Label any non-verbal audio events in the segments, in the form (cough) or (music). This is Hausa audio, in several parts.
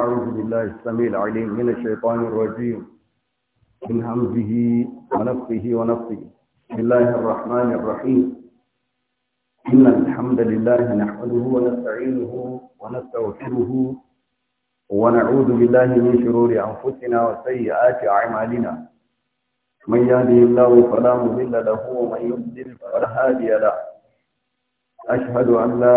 أعوذ بالله السميع العليم من الشيطان الرجيم من همزه ونفسه ونفسه بسم الله الرحمن الرحيم إن الحمد لله نحمده ونستعينه ونستغفره ونعوذ بالله من شرور أنفسنا وسيئات أعمالنا من يهده الله فلا مضل له ومن يضلل فلا هادي له أشهد أن لا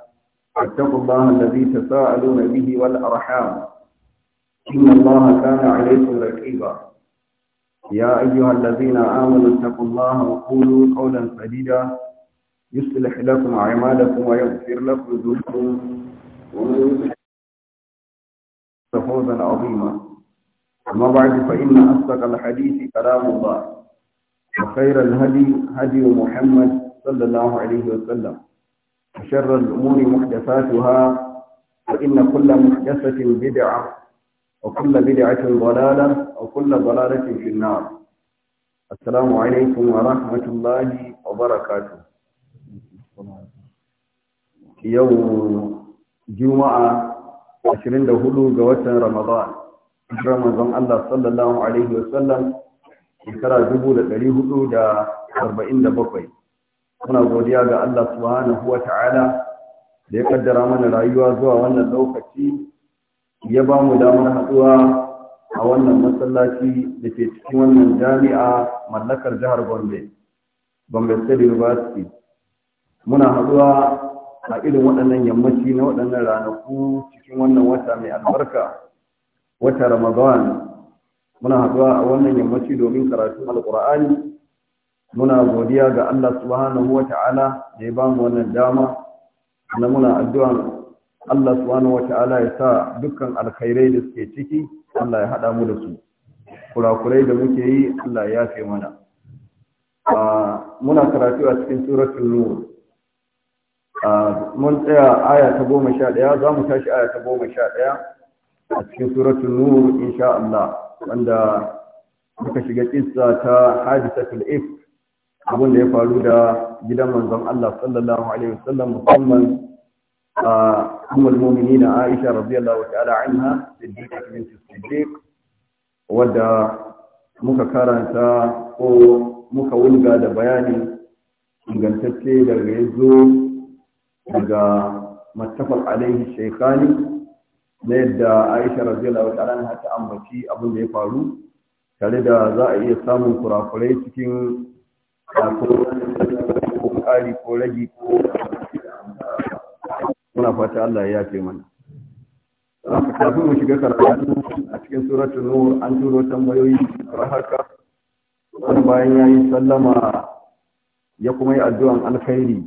واتقوا الله الذي تساءلون به والأرحام إن الله كان عليكم ركيبا يا أيها الذين آمنوا اتقوا الله وقولوا قولا سديدا يصلح لكم أعمالكم ويغفر لكم ذنوبكم ومن فوزا عظيما أما بعد فإن أصدق الحديث كلام الله وخير الهدي هدي محمد صلى الله عليه وسلم وشر الأمور محدثاتها وإن كل محدثة بدعة وكل بدعة ضلالة وكل ضلالة في النار السلام عليكم ورحمة الله وبركاته يوم جمعة عشرين دهولو رمضان رمضان الله صلى الله عليه وسلم يكرا sallallahu alaihi wasallam أربعين دبقين muna godiya ga Allah subhanahu wa ta'ala da ya kaddara mana rayuwa zuwa wannan lokaci ya ba mu damar haɗuwa a wannan masallaci da ke cikin wannan jami'a mallakar jihar Gombe, Gombe State University. Muna haɗuwa a irin waɗannan yammaci na waɗannan ranaku cikin wannan wata mai albarka, wata Ramadan. Muna haɗuwa a wannan yammaci domin karatun Alƙur'ani muna godiya ga Allah subhanahu wa ta'ala da ya bamu wannan dama na muna addu'an Allah subhanahu wa ta'ala ya sa dukkan alkhairai da suke ciki Allah ya haɗa mu da su kurakurai da muke yi Allah ya yafe mana muna karatu a cikin suratul nur mun tsaya aya ta goma sha ɗaya za mu tashi aya ta goma sha ɗaya a cikin suratul nur insha Allah wanda muka shiga kissa ta hadisatul if abin da ya faru da gidan manzon Allah sallallahu alaihi wasallam musamman a ummul mu'minin Aisha radiyallahu ta'ala anha siddiqa bint siddiq wadda muka karanta ko muka wulga da bayani ingantacce daga yazo daga mattafaq alaihi shaykhani na yadda aisha radiyallahu ta'ala anha ta ambaci abin da ya faru tare da za a iya samun kurakurai cikin ko ƙari ko ragi ko muna fata Allah ya ce mana kafin mu shiga karatu a cikin suratul nur an turo tambayoyi kamar haka wani bayan yayi sallama ya kuma yi addu'an alkhairi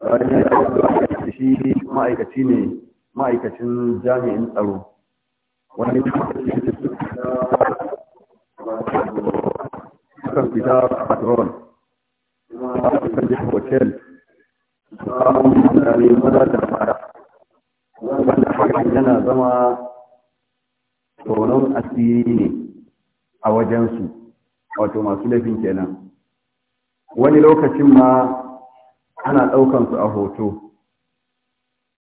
bayan ya yi addu'an shi ma'aikaci ne ma'aikacin jami'in tsaro wani ma'aikacin tsaro akan fita a Ba a kan je hotel samun mutane maza da mata wanda hakan yana zama tsoron asiri ne a wajensu wato masu laifin kenan wani lokacin ma ana ɗaukansu a hoto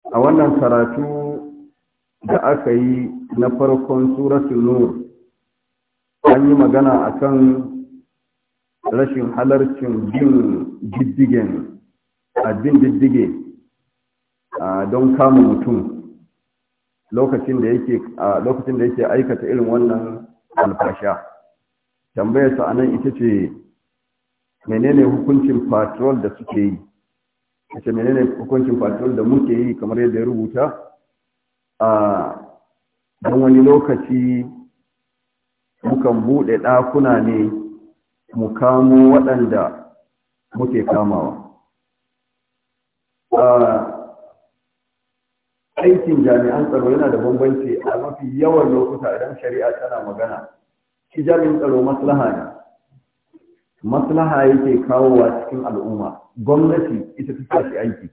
a wannan karatu da aka yi na farkon suratul nur an yi magana akan rashin halarcin bin diddigen abin diddige don kama mutum lokacin da yake lokacin da yake aikata irin wannan alfasha tambayarsa anan ita ce menene hukuncin patrol da suke yi ita menene hukuncin patrol da muke yi kamar yadda ya rubuta a don wani lokaci mukan buɗe ɗakuna ne mu kamo waɗanda muke kamawa aikin jami'an tsaro yana da bambanci a mafi yawan lokuta idan shari'a tana magana shi jami'an tsaro maslaha ne maslaha yake kawowa cikin al'umma gwamnati ita ta shi aiki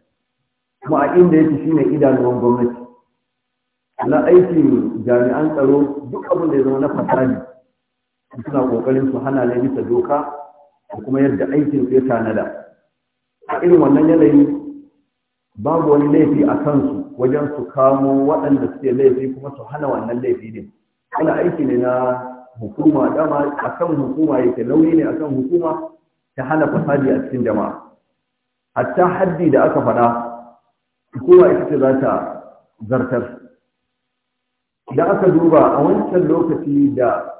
kuma a inda yake ne idanuwan gwamnati na aikin jami'an tsaro duk abin da ya zama na fasali suna kokarin su hana ne bisa doka da kuma yadda aikin su ya tanada a irin wannan yanayi babu wani laifi a kansu wajen su kamo waɗanda suke laifi kuma su hana wannan laifi ne wani aiki ne na hukuma dama kan hukuma yake nauyi ne a kan hukuma ta hana fasadi a cikin jama'a hatta haddi da aka faɗa hukuma ita ce za ta zartar da aka duba a wancan lokaci da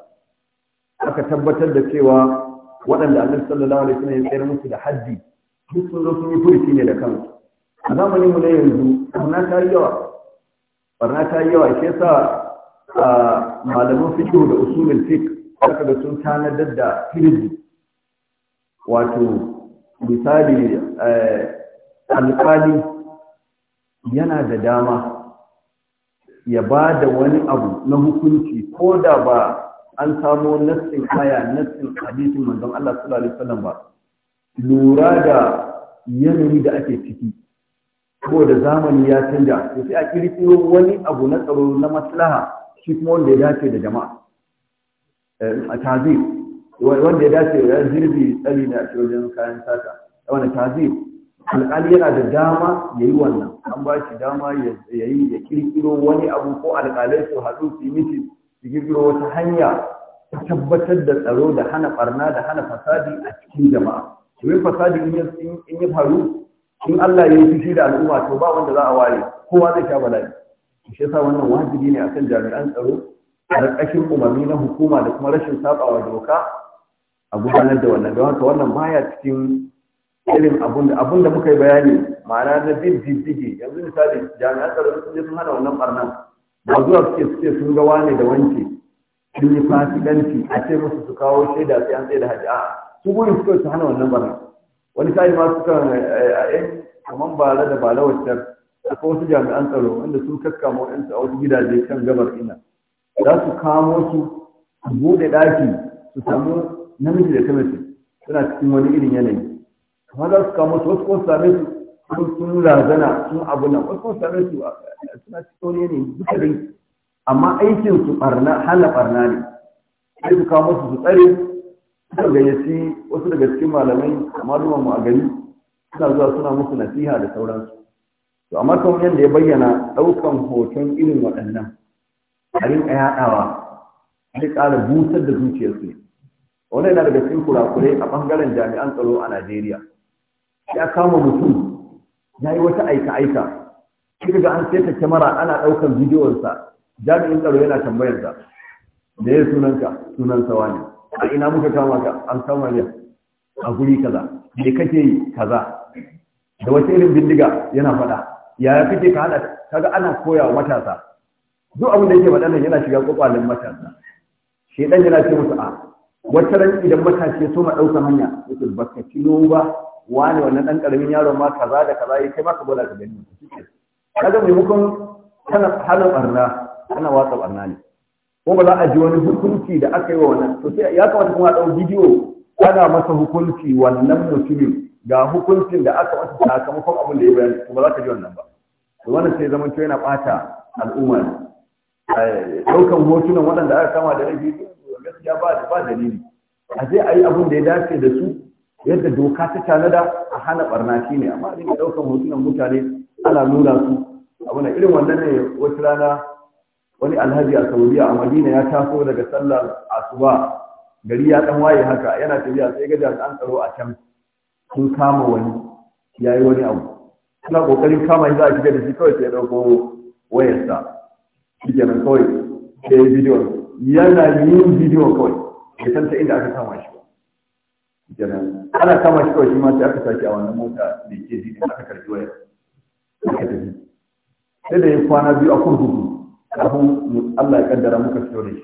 aka tabbatar da cewa waɗanda annabi sallallahu alaihi wasallam ya tsere musu da haddi duk sun zo sun yi furuci ne da kansu a zamanin mu na yanzu barna ta yi yawa barna ta yi yawa shi yasa malaman fiqh da usulul fiqh aka ga sun tanadar da firji wato misali eh, alƙali yana da dama ya ba da wani abu na hukunci ko da ba an samo nassin aya nassin hadisin manzon Allah sallallahu alaihi wasallam ba lura da yanayi da ake ciki Ko da zamani ya canja to sai a kirkiro wani abu na tsaro na maslaha shi kuma wanda ya dace da jama'a eh, a tazir wanda ya dace da zirbi tsari da ake wajen kayan sata wanda tazir alƙali yana da dama ya yi wannan an ba shi dama ya yi ya kirkiro wani abu ko alƙalai su haɗu su yi su girgiro wata hanya ta tabbatar da tsaro da hana barna da hana fasadi a cikin jama'a domin fasadi in ya faru in Allah ya yi fushi da al'umma to ba wanda za a ware kowa zai sha bala'i shi yasa wannan wajibi ne akan jami'an tsaro a ƙarƙashin umarni na hukuma da kuma rashin sabawa doka a gudanar da wannan don haka wannan baya cikin irin abun da muka yi bayani ma'ana na bin diddigi yanzu misali jami'an tsaro sun je sun hana wannan barnan ba zuwa suke suke sun ga wane da wanke sun yi fasikanci a ce musu su kawo shaida sai an tsaye da hajji a'a su gurin suka su hana wannan barna wani sai ma suka a eh, yan eh, kaman bala da bala waccan akwai wasu jami'an tsaro wanda sun ma waɗansu a wasu gidaje kan gabar ina za su kamo su su buɗe ɗaki su samu namiji da ta mace suna cikin wani irin yanayi kamar za su kamo su wasu ko su same su sun sun razana sun abu nan wasu sarar su suna cikin ne duka dai amma aikin su barna hana barna ne sai su kawo musu su tsare suka gayyaci wasu daga cikin malamai maluman mu a gari suna zuwa suna musu nasiha da sauransu to amma kamar yadda ya bayyana ɗaukan hoton irin waɗannan a rinka yaɗawa sai ƙara busar da zuciyarsu wannan yana daga cikin kurakurai a ɓangaren jami'an tsaro a Najeriya ya kama mutum ya yi wata aika-aika kika ga an seta kyamara ana ɗaukar bidiyonsa jami'in tsaro yana tambayarsa da ya sunanka sunan sawa a ina muka kama ka an kama ne a guri kaza me kake yi kaza da wata irin bindiga yana faɗa yaya kake ka hada kaga ana koya wa matasa duk abin da yake faɗa nan yana shiga kwakwalen matasa shedan yana ce musu a wata ran idan matashi ya ma ɗaukar hanya yake baka kilo ba wani wannan dan karamin yaron ma kaza da kaza yake eh, ma ka bada ka gani kaga maimakon kana hana barna kana watsa barna ne ko ba za a ji wani hukunci da aka yi wa wannan to sai ya kamata kuma a dau bidiyo ana masa hukunci wannan mutumin ga hukuncin da aka wata sakamakon abin da ya bayani to ba za ka ji wannan ba to wannan sai zaman yana bata al'umma ne eh, Ɗaukan hotunan waɗanda aka kama da laifi gaskiya ba ba dalili a sai a yi abin da ya dace da su yadda doka ta tanada a hana barna shi ne amma ya daukan hotunan mutane ana nuna su abu na irin wannan ne wata rana wani alhaji a saudiya a madina ya taso daga sallar asuba gari ya dan waye haka yana tafiya sai ga jami'an tsaro a can sun kama wani ya yi wani abu suna kokarin kama shi za a shiga da shi kawai sai ya ɗauko wayarsa shi kenan kawai sai bidiyon yana yin bidiyo kawai ya san ta inda aka kama shi ana kama shi kawai shi ma sai aka sake a wannan mota da ke ji aka karbi waya aka tafi sai da ya kwana biyu a kurkuku kafin Allah ya kaddara muka fito da shi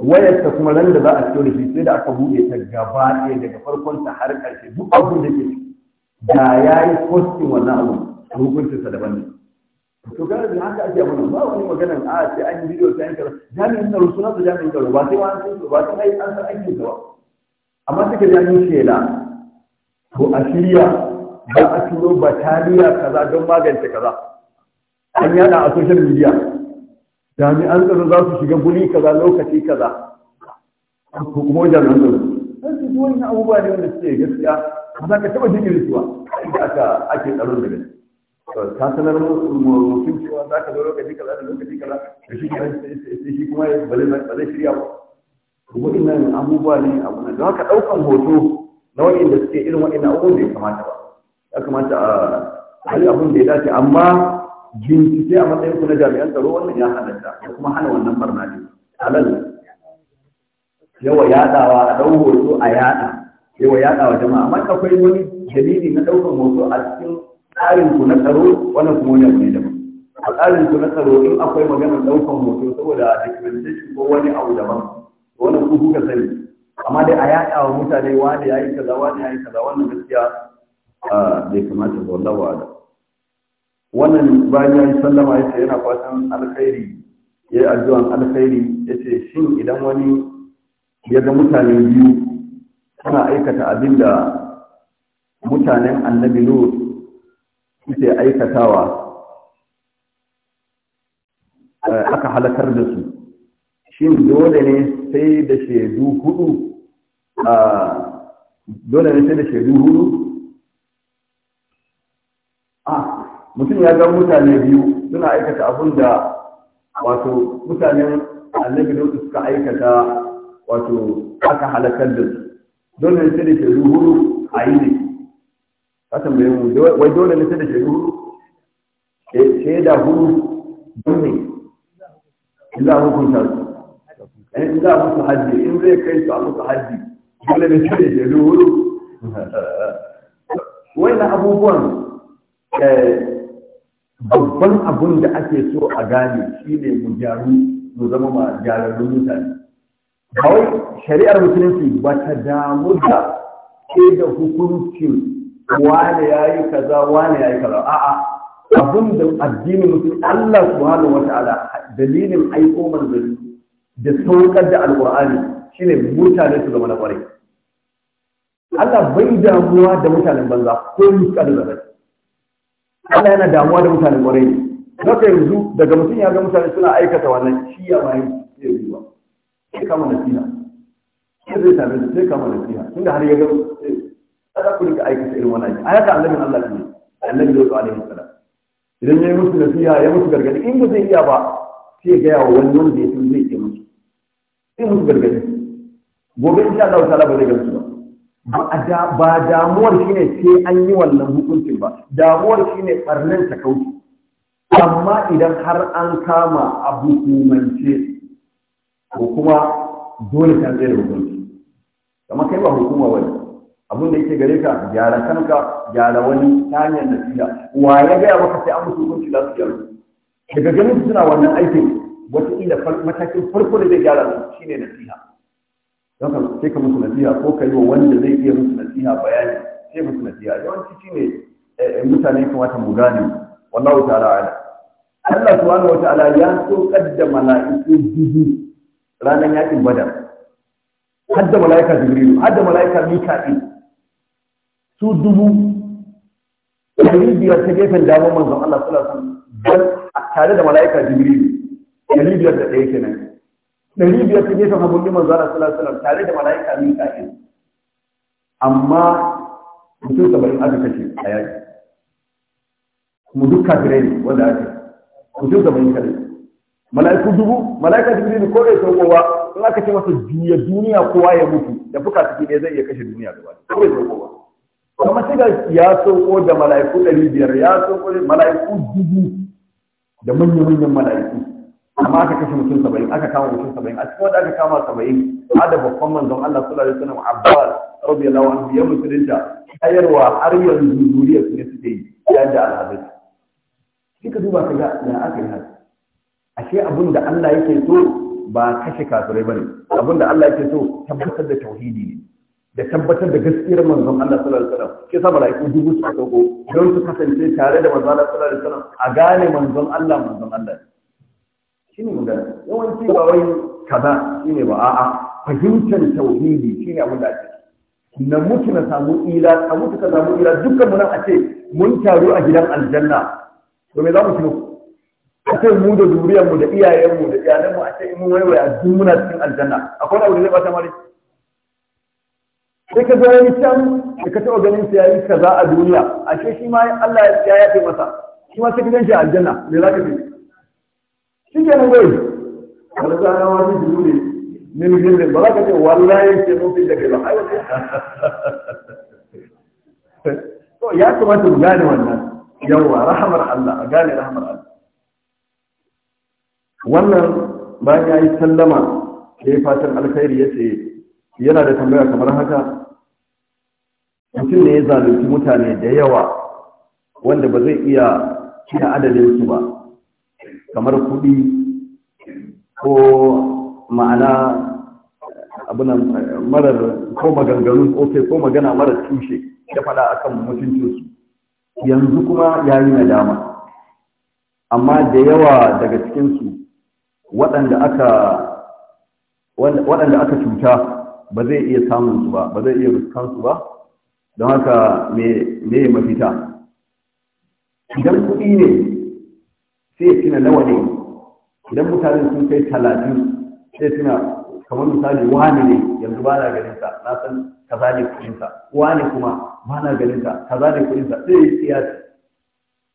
wayar ta kuma ran da za a fito da shi sai da aka buɗe ta gaba ɗaya daga farkon ta har ƙarshe duk abin da ke da ya yi postin wannan abu sa daban ne to ga da haka ake mana ba wani maganar a ah, ce an yi bidiyo ta yanka jami'in tsaro suna su jami'in tsaro ba sai ma ba sai an san aikin ba amma suka ji an shela to a shirya ba a turo bataliya kaza don magance kaza an yada a social media jami'an tsaro za su shiga guri kaza lokaci kaza ko kuma jami'an tsaro sai su ji wani abubuwa ne wanda suke gaskiya ba za ka taɓa jin irin suwa inda aka ake tsaron da gaske ka sanar mutum cewa za ka zo lokaci kaza da lokaci kaza da shi kuma ya bale shirya ba waɗannan abubuwa ne abu na don haka ɗaukan hoto na waɗanda suke irin waɗannan abubuwan bai kamata ba ya kamata a yi abin da ya dace amma bincike a matsayin ku na jami'an tsaro wannan ya halatta ya kuma hana wannan barna ne halal yawa yaɗawa a ɗau hoto a yaɗa yawa yaɗawa jama'a amma akwai wani dalili na ɗaukan hoto a cikin tsarin ku na tsaro wannan kuma wani abu ne daban a tsarin ku na tsaro in akwai maganar ɗaukan hoto saboda a documentation ko wani abu daban wannan ku kuka sani amma dai a yaɗa wa mutane wani ya yi kaza wani ya yi kaza wannan gaskiya bai kamata ba wallahu da wannan bayan ya yi sallama ya ce yana fatan alkhairi ya yi addu'an alkhairi ya ce shin idan wani ya ga mutane biyu suna aikata abin da mutanen annabi lut suke aikatawa eh, aka halakar da su shin dole ne sai da shaidu hudu a dole ne sai da shaidu hudu a mutum ya ga mutane biyu suna aikata abun da wato mutanen annabi da suka aikata wato aka halakar da su dole ne sai da shaidu hudu a yi ne ka tambaye mu wai dole ne sai da shaidu hudu shaida hudu dole ne ila hukunta su in za musu hajji in zai kai su a musu hajji dole ne sai ya zo wuri wannan abubuwan eh, babban abun da ake so a gane shine mu gyaru mu zama ma gyararrun mutane kawai shari'ar musulunci ba ta damu da ke da hukuncin wane ya yi kaza wane ya yi kaza a'a abun da addinin musulunci Allah subhanahu wa ta'ala dalilin aiko manzanni da saukar da alƙur'ani shine mutane su zama na ƙwarai Allah bai damuwa da mutanen banza ko muska da zarar Allah yana damuwa da mutanen ƙwarai zaka yanzu daga mutum ya ga mutane suna aikata wannan shi ya bayan sai yi ba sai kama nasiha sai zai same su sai kama na nasiha tunda har ya ga sai ku rika aikata irin wannan a haka annabin Allah ne annabi Yusuf alaihi salam idan ya yi musu nasiha ya musu gargadi in ba zai iya ba sai ya ga wani wanda ya san zai iya musu sai su gargaɗi gobe in sha Allah ta'ala ba zai gamsu ba ba damuwar shine sai an yi wannan hukuncin ba damuwar shine barnan ta kauce amma idan har an kama a hukumance ko kuma dole ta tsaye da hukunci kamar kai ba hukuma wani abin da yake gare ka gyara kanka gyara wani tanyar hanyar wa ya gaya maka sai an musu hukunci za su gyaru daga ganin suna wannan aikin wataƙila matakin farko da zai gyara su shine nasiha don ka sai ka musu nasiha ko ka yi wa wanda zai iya musu nasiha bayani sai musu nasiha yawanci shine eh, eh, mutane kamata mu gane wallahu ta'ala ala Allah subhanahu wa ta'ala ya so kadda mala'iku dubu ranar yakin badar hadda mala'ika jibrilu hadda mala'ika mika'il su dubu ɗari biyar ta gefen damar manzon Allah sallallahu alaihi wasallam tare da mala'ika jibrilu ɗari biyar da ɗaya kenan ɗari biyar ta gefen hagun liman zuwa sallallahu alaihi tare da mala'ika min kafin amma mutum saba'in aka kashe a yaƙi mu duk kafirai ne wanda ake mutum saba'in kare mala'iku dubu mala'ika dubu ne ko ɗaya saukowa in aka ce masa juya duniya kowa ya mutu da fuka ciki ne zai iya kashe duniya gaba ko ɗaya saukowa kuma ga ya sauko da mala'iku ɗari biyar ya sauko da mala'iku dubu da manya-manyan mala'iku amma aka kashe mutum saba'in aka kama mutum saba'in a cikin wanda aka kama saba'in da babban manzon Allah sallallahu alaihi wasallam Abbas radiyallahu anhu ya musulunta ayarwa har yanzu zuriya su ne suke yi yadda al'adun sai ka duba ka ga ya aka yi haka ashe abin da Allah yake so ba kashe kafirai bane abin da Allah yake so tabbatar da tauhidi ne da tabbatar da gaskiyar manzon Allah sallallahu alaihi wasallam ke sa malaiku dubu su dauko don su kasance tare da manzon Allah sallallahu alaihi wasallam a gane manzon Allah manzon Allah ne shine magana yawanci ba wai kaza shine ba a'a fahimtar tauhidi shine abin da ake na mutu na samu ila a mutu ka samu ila dukkan mu nan a ce mun taru a gidan aljanna to me za mu tuno a ce mu da zuriyar mu da iyayen mu da iyalan mu a ce mun waiwaye a duk muna cikin aljanna akwai wani abu da zai bata mare sai ka zo wani can da ka taɓa ganin sa yayi kaza a duniya ashe shi ma Allah ya yafe masa shi ma sai ka gan shi a aljanna me za ka ce shi ke nan bai wani tsanan wani jiru ne ne ne ne ba za ka ce walla ke nufi da ke ba (laughs) to ya kamata mu gane wannan yawwa rahamar Allah a gane rahamar Allah wannan bayan ya yi sallama da ya fatan alkhairi ya ce yana da tambaya kamar haka mutum ne ya zalunci mutane da yawa wanda ba zai iya kina adadin su ba kamar kuɗi ko ma'ana abinan marar ko maganganun ko magana marar tushe ya faɗa akan mutuncinsu yanzu kuma ya yi nadama amma da yawa daga cikinsu waɗanda aka waɗanda aka cuta ba zai iya samun su ba ba zai iya su ba don haka me mafita idan kuɗi ne sai ya tuna nawa ne idan mutane sun kai talatin sai tuna kamar misali wani ne yanzu ba na ganin sa na san kaza ne kuɗin sa wani kuma ba na ganin sa kaza ne kuɗin sa sai ya kiyasi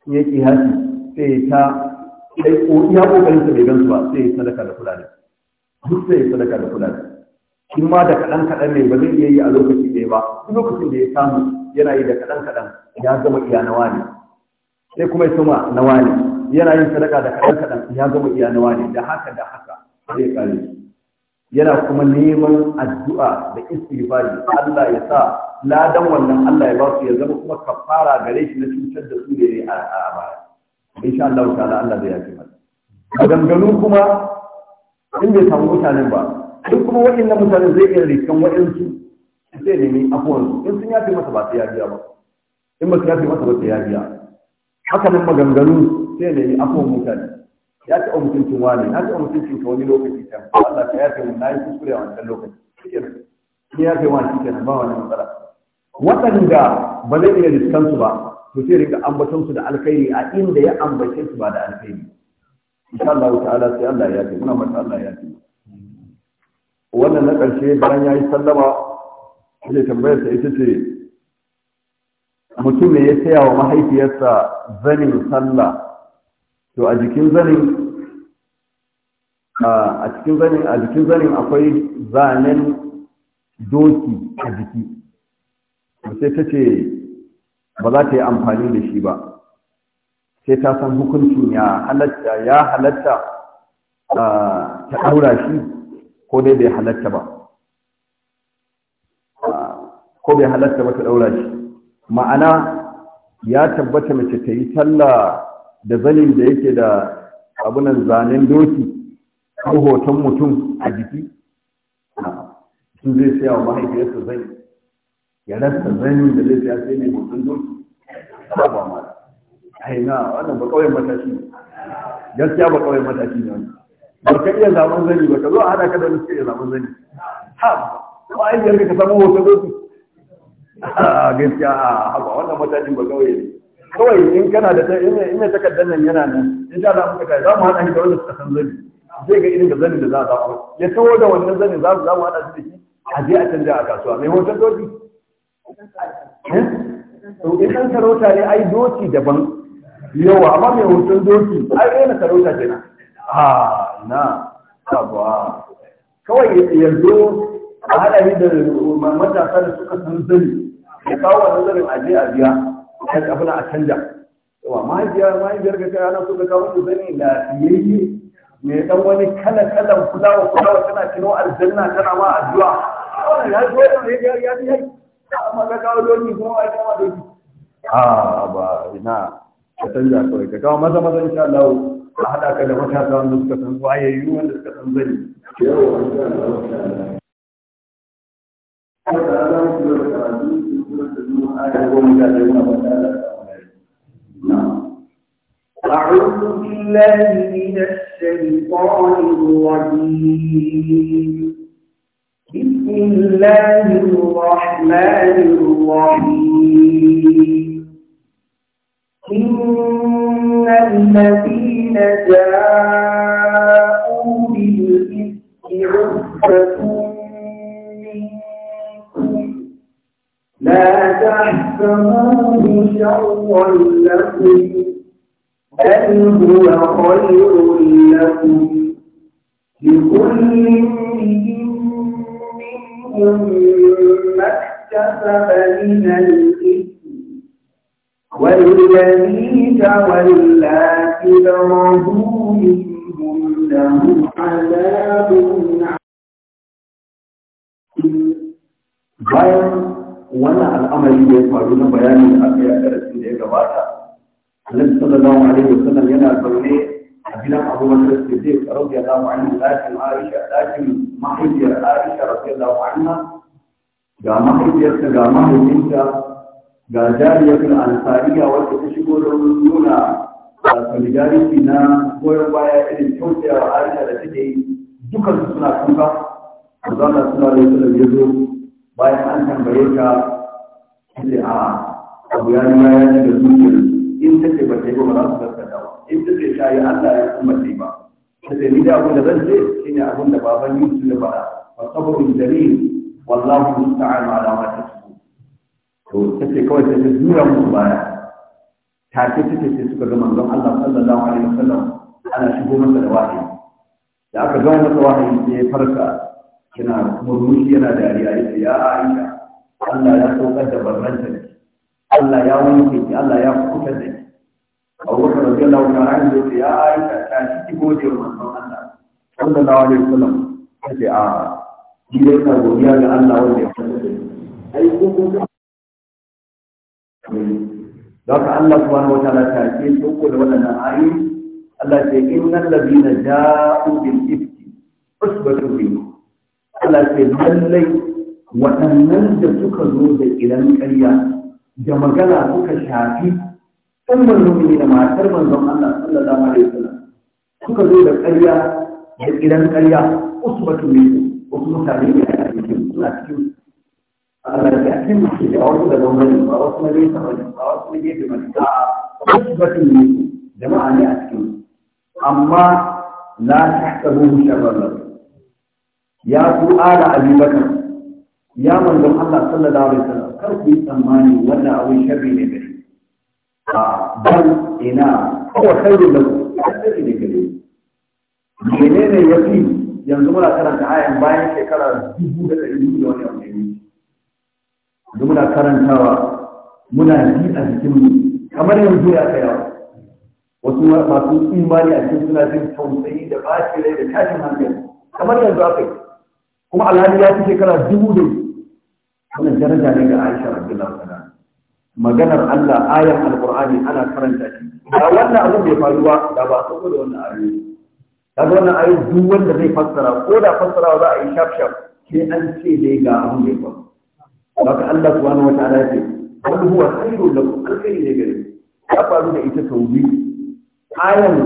in ya kiyasi sai ta sai ya kokarin sa bai gan su ba sai ya sadaka da fulani duk sai ya sadaka da fulani in ma da kaɗan kaɗan ne ba zai iya yi a lokaci ɗaya ba duk lokacin da ya samu yana yi da kaɗan kaɗan ya gama iya nawa ne sai kuma ya suma nawa ne yana yin sadaka da kaɗan kaɗan ya gama nawa ne da haka da haka zai kare yana kuma neman addu'a da istighfari Allah ya sa ladan wannan Allah ya ba su ya zama kuma kafara gare shi na cutar da su da ne a baya insha Allah ta'ala Allah zai yafi A maganganu kuma in bai samu mutanen ba duk kuma waɗannan mutanen zai iya rikan waɗansu zai nemi su in sun yafi masa ba sai ya biya ba in ba su yafi masa ba sai ya biya haka nan maganganu sai na yi afuwan mutane ya taɓa mutuncin wani na taɓa mutuncin ka wani lokaci can Allah ka yafe mun na yi kuskure a wancan lokaci ne ni fi wani cikin ba wani matsala waɗanda ba zai iya riskansu ba to sai rinka ambaton su da alkhairi a inda ya ambace su ba da alkhairi insha Allah ta'ala sai Allah ya yafe muna mata Allah ya yafe wannan na ƙarshe bayan ya yi sallama sai tambayarsa ita ce mutum ne ya saya wa mahaifiyarsa zanin sallah to a jikin zanin a cikin zanin a jikin zanin akwai zanen doki a jiki sai ta ce ba za ta yi amfani da shi ba sai ta san hukuncin ya halatta ya halatta ta ɗaura shi ko dai bai halatta ba ko bai halatta ba ta ɗaura shi ma'ana ya tabbata mace ta yi sallah da zanin da yake da abunan zanen doki ko hoton mutum a jiki sun zai siya wa mahaifiyarsa zai ya rasa zanin da zai siya sai ne hoton doki ba ba ma aina wannan ba kawai matashi gaskiya ba kawai matashi ne ba ka iya zaman zani ba ka zo a hada ka da wani suke iya zaben zani ha ba a yi ka samu hoton doki a gaskiya a ba wannan matashin ba kawai ne kawai in kana da in ina takardar nan yana nan in sha Allah muka kai za mu haɗa shi da wannan suka zani zai ga irin da zani da za a zaɓo ya tawo da wannan zani za mu za mu haɗa shi da shi a je a canja a kasuwa mai hoton doki eh? to in ɗan sarauta ne ai doki daban yawa amma mai hoton doki ai rena sarauta kenan a na sabuwa kawai yanzu a haɗa shi da matasa da suka san zani ya kawo wannan zanin a je a biya kan abin a canja yawa mahaifiyar mahaifiyar ka kai ana so ka kawo su zane lafiyayye me dan wani kala kalan fulawa fulawa tana kino aljanna tana ma addu'a wannan ya zo ya ya ya amma ka kawo doni kuma ai kuma doni a ba ina ka canja kawai ka kawo maza maza insha Allah a haɗa ka da matasa wanda suka san wayayyu wanda suka san zani yawa نعم أعوذ بالله من الشيطان الرجيم بسم الله الرحمن الرحيم إن الذين جاءوا تحسبوه شرا لكم بل هو خير لكم لكل امرئ منهم ما اكتسب من الاثم والذي تولى كبره منهم له عذاب عظيم wannan al'amari da ya faru na bayani da aka yi a darasin da ya gabata annabi sallallahu alaihi wasallam yana zaune a gidan zai abubakar siddiq radiyallahu anhu lakin aisha ɗakin mahaifiyar aisha radiyallahu anha ga mahaifiyarsa, ga mahaifinta ga jariyar ansariya wacce ta shigo da nuna solidarity na goyon baya irin kyautaya wa aisha da take yi dukkan suna kuka Allah suna da wasallam ya zo bayan an tambaye ka ce a abu ya nuna ya ci da zuciyar in ta ce ba ta yi ba za su gaskata ba in ta ce ta yi Allah ya kuma ce ba ta ce ni da abin da zan ce ne abin da baban Yusuf ya faɗa fa sabrun jalil wallahu musta'an ala ma tasbu to ta ce kawai ta ce jura musu baya ta ce ta ce sai suka ga manzon Allah sallallahu alaihi wasallam ana shigo masa da wahayi da aka gama masa wahayi sai ya farka yana murmushi yana dariya ya ce ya aisha Allah ya saukar da barnanta da Allah ya wanke ki Allah ya kuka da ki Abu Bakar radiyallahu ta'ala anhu ya ce ya aisha ta ki gode wa manzon Allah sallallahu alaihi wasallam ya ce a ni ka godiya ga Allah wanda ya kutar da ni ai ko ko da haka Allah subhanahu wataala ta ce dauko da waɗannan ayi Allah ce innal ladina ja'u bil ifki usbatu minkum Allah ce lallai waɗannan da suka zo da idan ƙarya da magana suka shafi ɗan manzon ne da matar manzon Allah sallallahu alaihi wasallam suka zo da ƙarya da idan ƙarya usbatu ne wasu mutane ne a cikin suna cikin Allah ya ce mu ce da wasu da gwamnati ba wasu na gefe ba ba wasu na gefe ba a usbatu ne jama'a ne a cikin amma la tahsabuhu sharran ya ku ala bakar ya manzon Allah sallallahu alaihi wasallam kar ku yi tsammani wannan abin sharri ne gare a bal ina kowa sai da ku sharri ne gare menene yafi yanzu muna karanta ayan bayan shekara dubu da ɗari biyu da wani abu ne yanzu muna karantawa muna ji a mu kamar yanzu ya kai yawa wasu masu imani a cikin suna jin tausayi da bashi rai da tashin hankali kamar yanzu aka yi kuma alhali ya fi shekara dubu da wannan daraja ne ga aisha abdullahi sana maganar allah ayar alkur'ani ana karanta shi da wannan abin bai faru ba da ba a da wannan ayoyi kaga wannan ayoyi duk wanda zai fassara ko da fassara za a yi shaf shaf sai an ce dai ga abin da ya faru ka allah subhanahu wa ta'ala ya ce wani huwa khairun lakum alkhairi ne gare ya faru da ita sau biyu ayan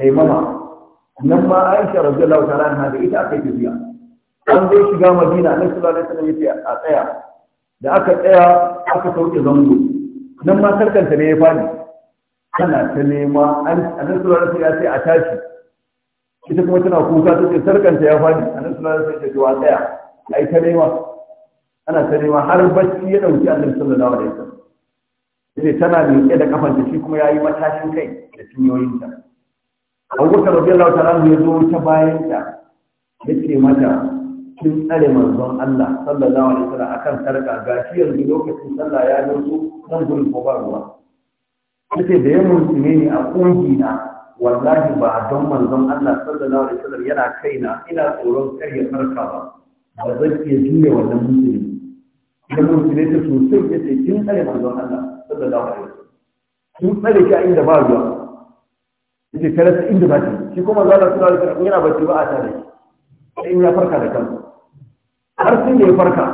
taimama nan ma aisha radiyallahu ta'ala na da ita akai tafiya an zo shiga madina nan su zalai sanar yake a tsaya da aka tsaya aka sauke zango nan ma sarkanta ne ya fadi tana ta nema a nan su zalai ya ce a tashi ita kuma tana kuka ta ce sarkanta ya fadi a nan su zalai sai ta a tsaya a yi ta nema ana ta nema har bacci ya ɗauki annabi sallallahu alaihi wasallam ne tana miƙe da kafanta shi kuma ya yi matashin kai da cinyoyinta abubakar rabiyallahu ta'ala ya zo ta bayanta ya ce mata kin tsare manzon Allah sallallahu alaihi wasallam akan sarka gashi yanzu lokacin sallah ya zo su nan gurin ko ba ruwa kace da yamin tsine ni a kungi na wallahi ba don manzon Allah sallallahu alaihi wasallam yana kaina ina tsoron kar ya farka ba ba zan iya juya wannan musulmi idan musulmi ta sosai yace kin tsare manzon Allah sallallahu alaihi wasallam kin tsare shi a inda ba ruwa yace kada inda ba shi kuma zalla sallallahu alaihi wasallam yana bacci ba a tare shi in ya farka da kansa har sun da ya farka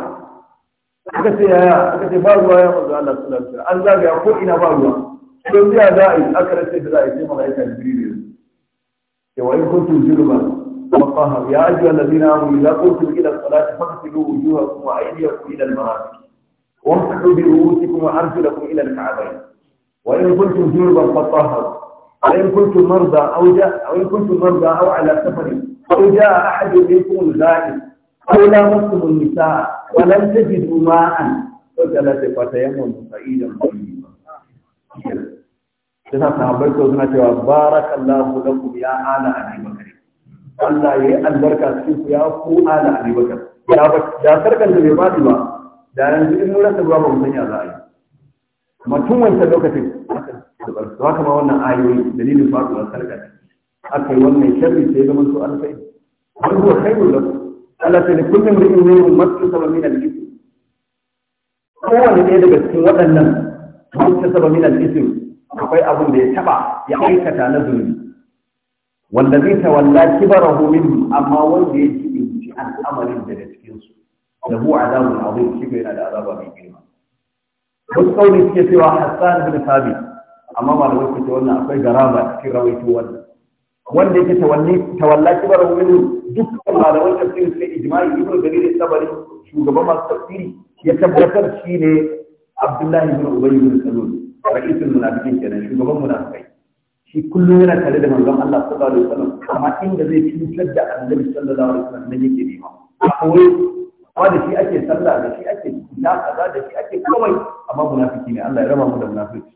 aka ce يا aka الله ba ruwa ya manzo Allah sallallahu alaihi wasallam an zagaya ko ina ba ruwa don biya za يا أيها الذين آمنوا إذا قمتم إلى الصلاة فاغسلوا وجوهكم وأيديكم إلى المرافق وامسحوا برؤوسكم وأرجلكم إلى الكعبين وإن كنتم جنبا فطهروا وإن كنتم مرضى أو جاء أو إن كنتم مرضى أو على سفر أو جاء أحد منكم الغائب أولى مسلم النساء ولم تجدوا ماء فجلت فتيمم صعيدا طيبا sai sa sahabbai ko suna cewa barakallahu lakum ya ala Ali bakr Allah yayi albarka cikin ku ya ku ala Ali bakr ya ba da sarkan da bai fadi ba da yanzu in mun rasa ruwa ba mun ya za a yi kuma tun wancan lokacin to haka ma wannan ayoyi dalilin faduwar sarkan akai wannan sharri sai zaman su wani Allah da kullum da yin yin masu saba min al-ism kowane ɗaya daga cikin waɗannan masu saba min al-ism akwai abin da ya taɓa ya aikata na zunubi wanda zai tawalla kibarahu min amma wanda ya ji in ci al'amarin daga cikin su da hu azabun azim shi yana da azaba mai girma wasu kauli suke cewa hassan bin sabit amma malamai suke wannan akwai garama cikin rawaito wannan wanda yake tawalli tawalla kibar minhu dukkan malaman tafsiri sai ijma'i ibnu jarir sabari shugaban masu tafsiri ya tabbatar shine abdullahi ibn ubay ibn salul ra'isul munafiqin kenan shugaban munafiqai shi kullum yana tare da manzon Allah sallallahu alaihi wasallam amma inda zai cutar da annabi sallallahu alaihi wasallam nan yake nema akwai amma da shi ake sallah da shi ake na kaza da shi ake komai amma munafiki ne Allah ya raba mu da munafiki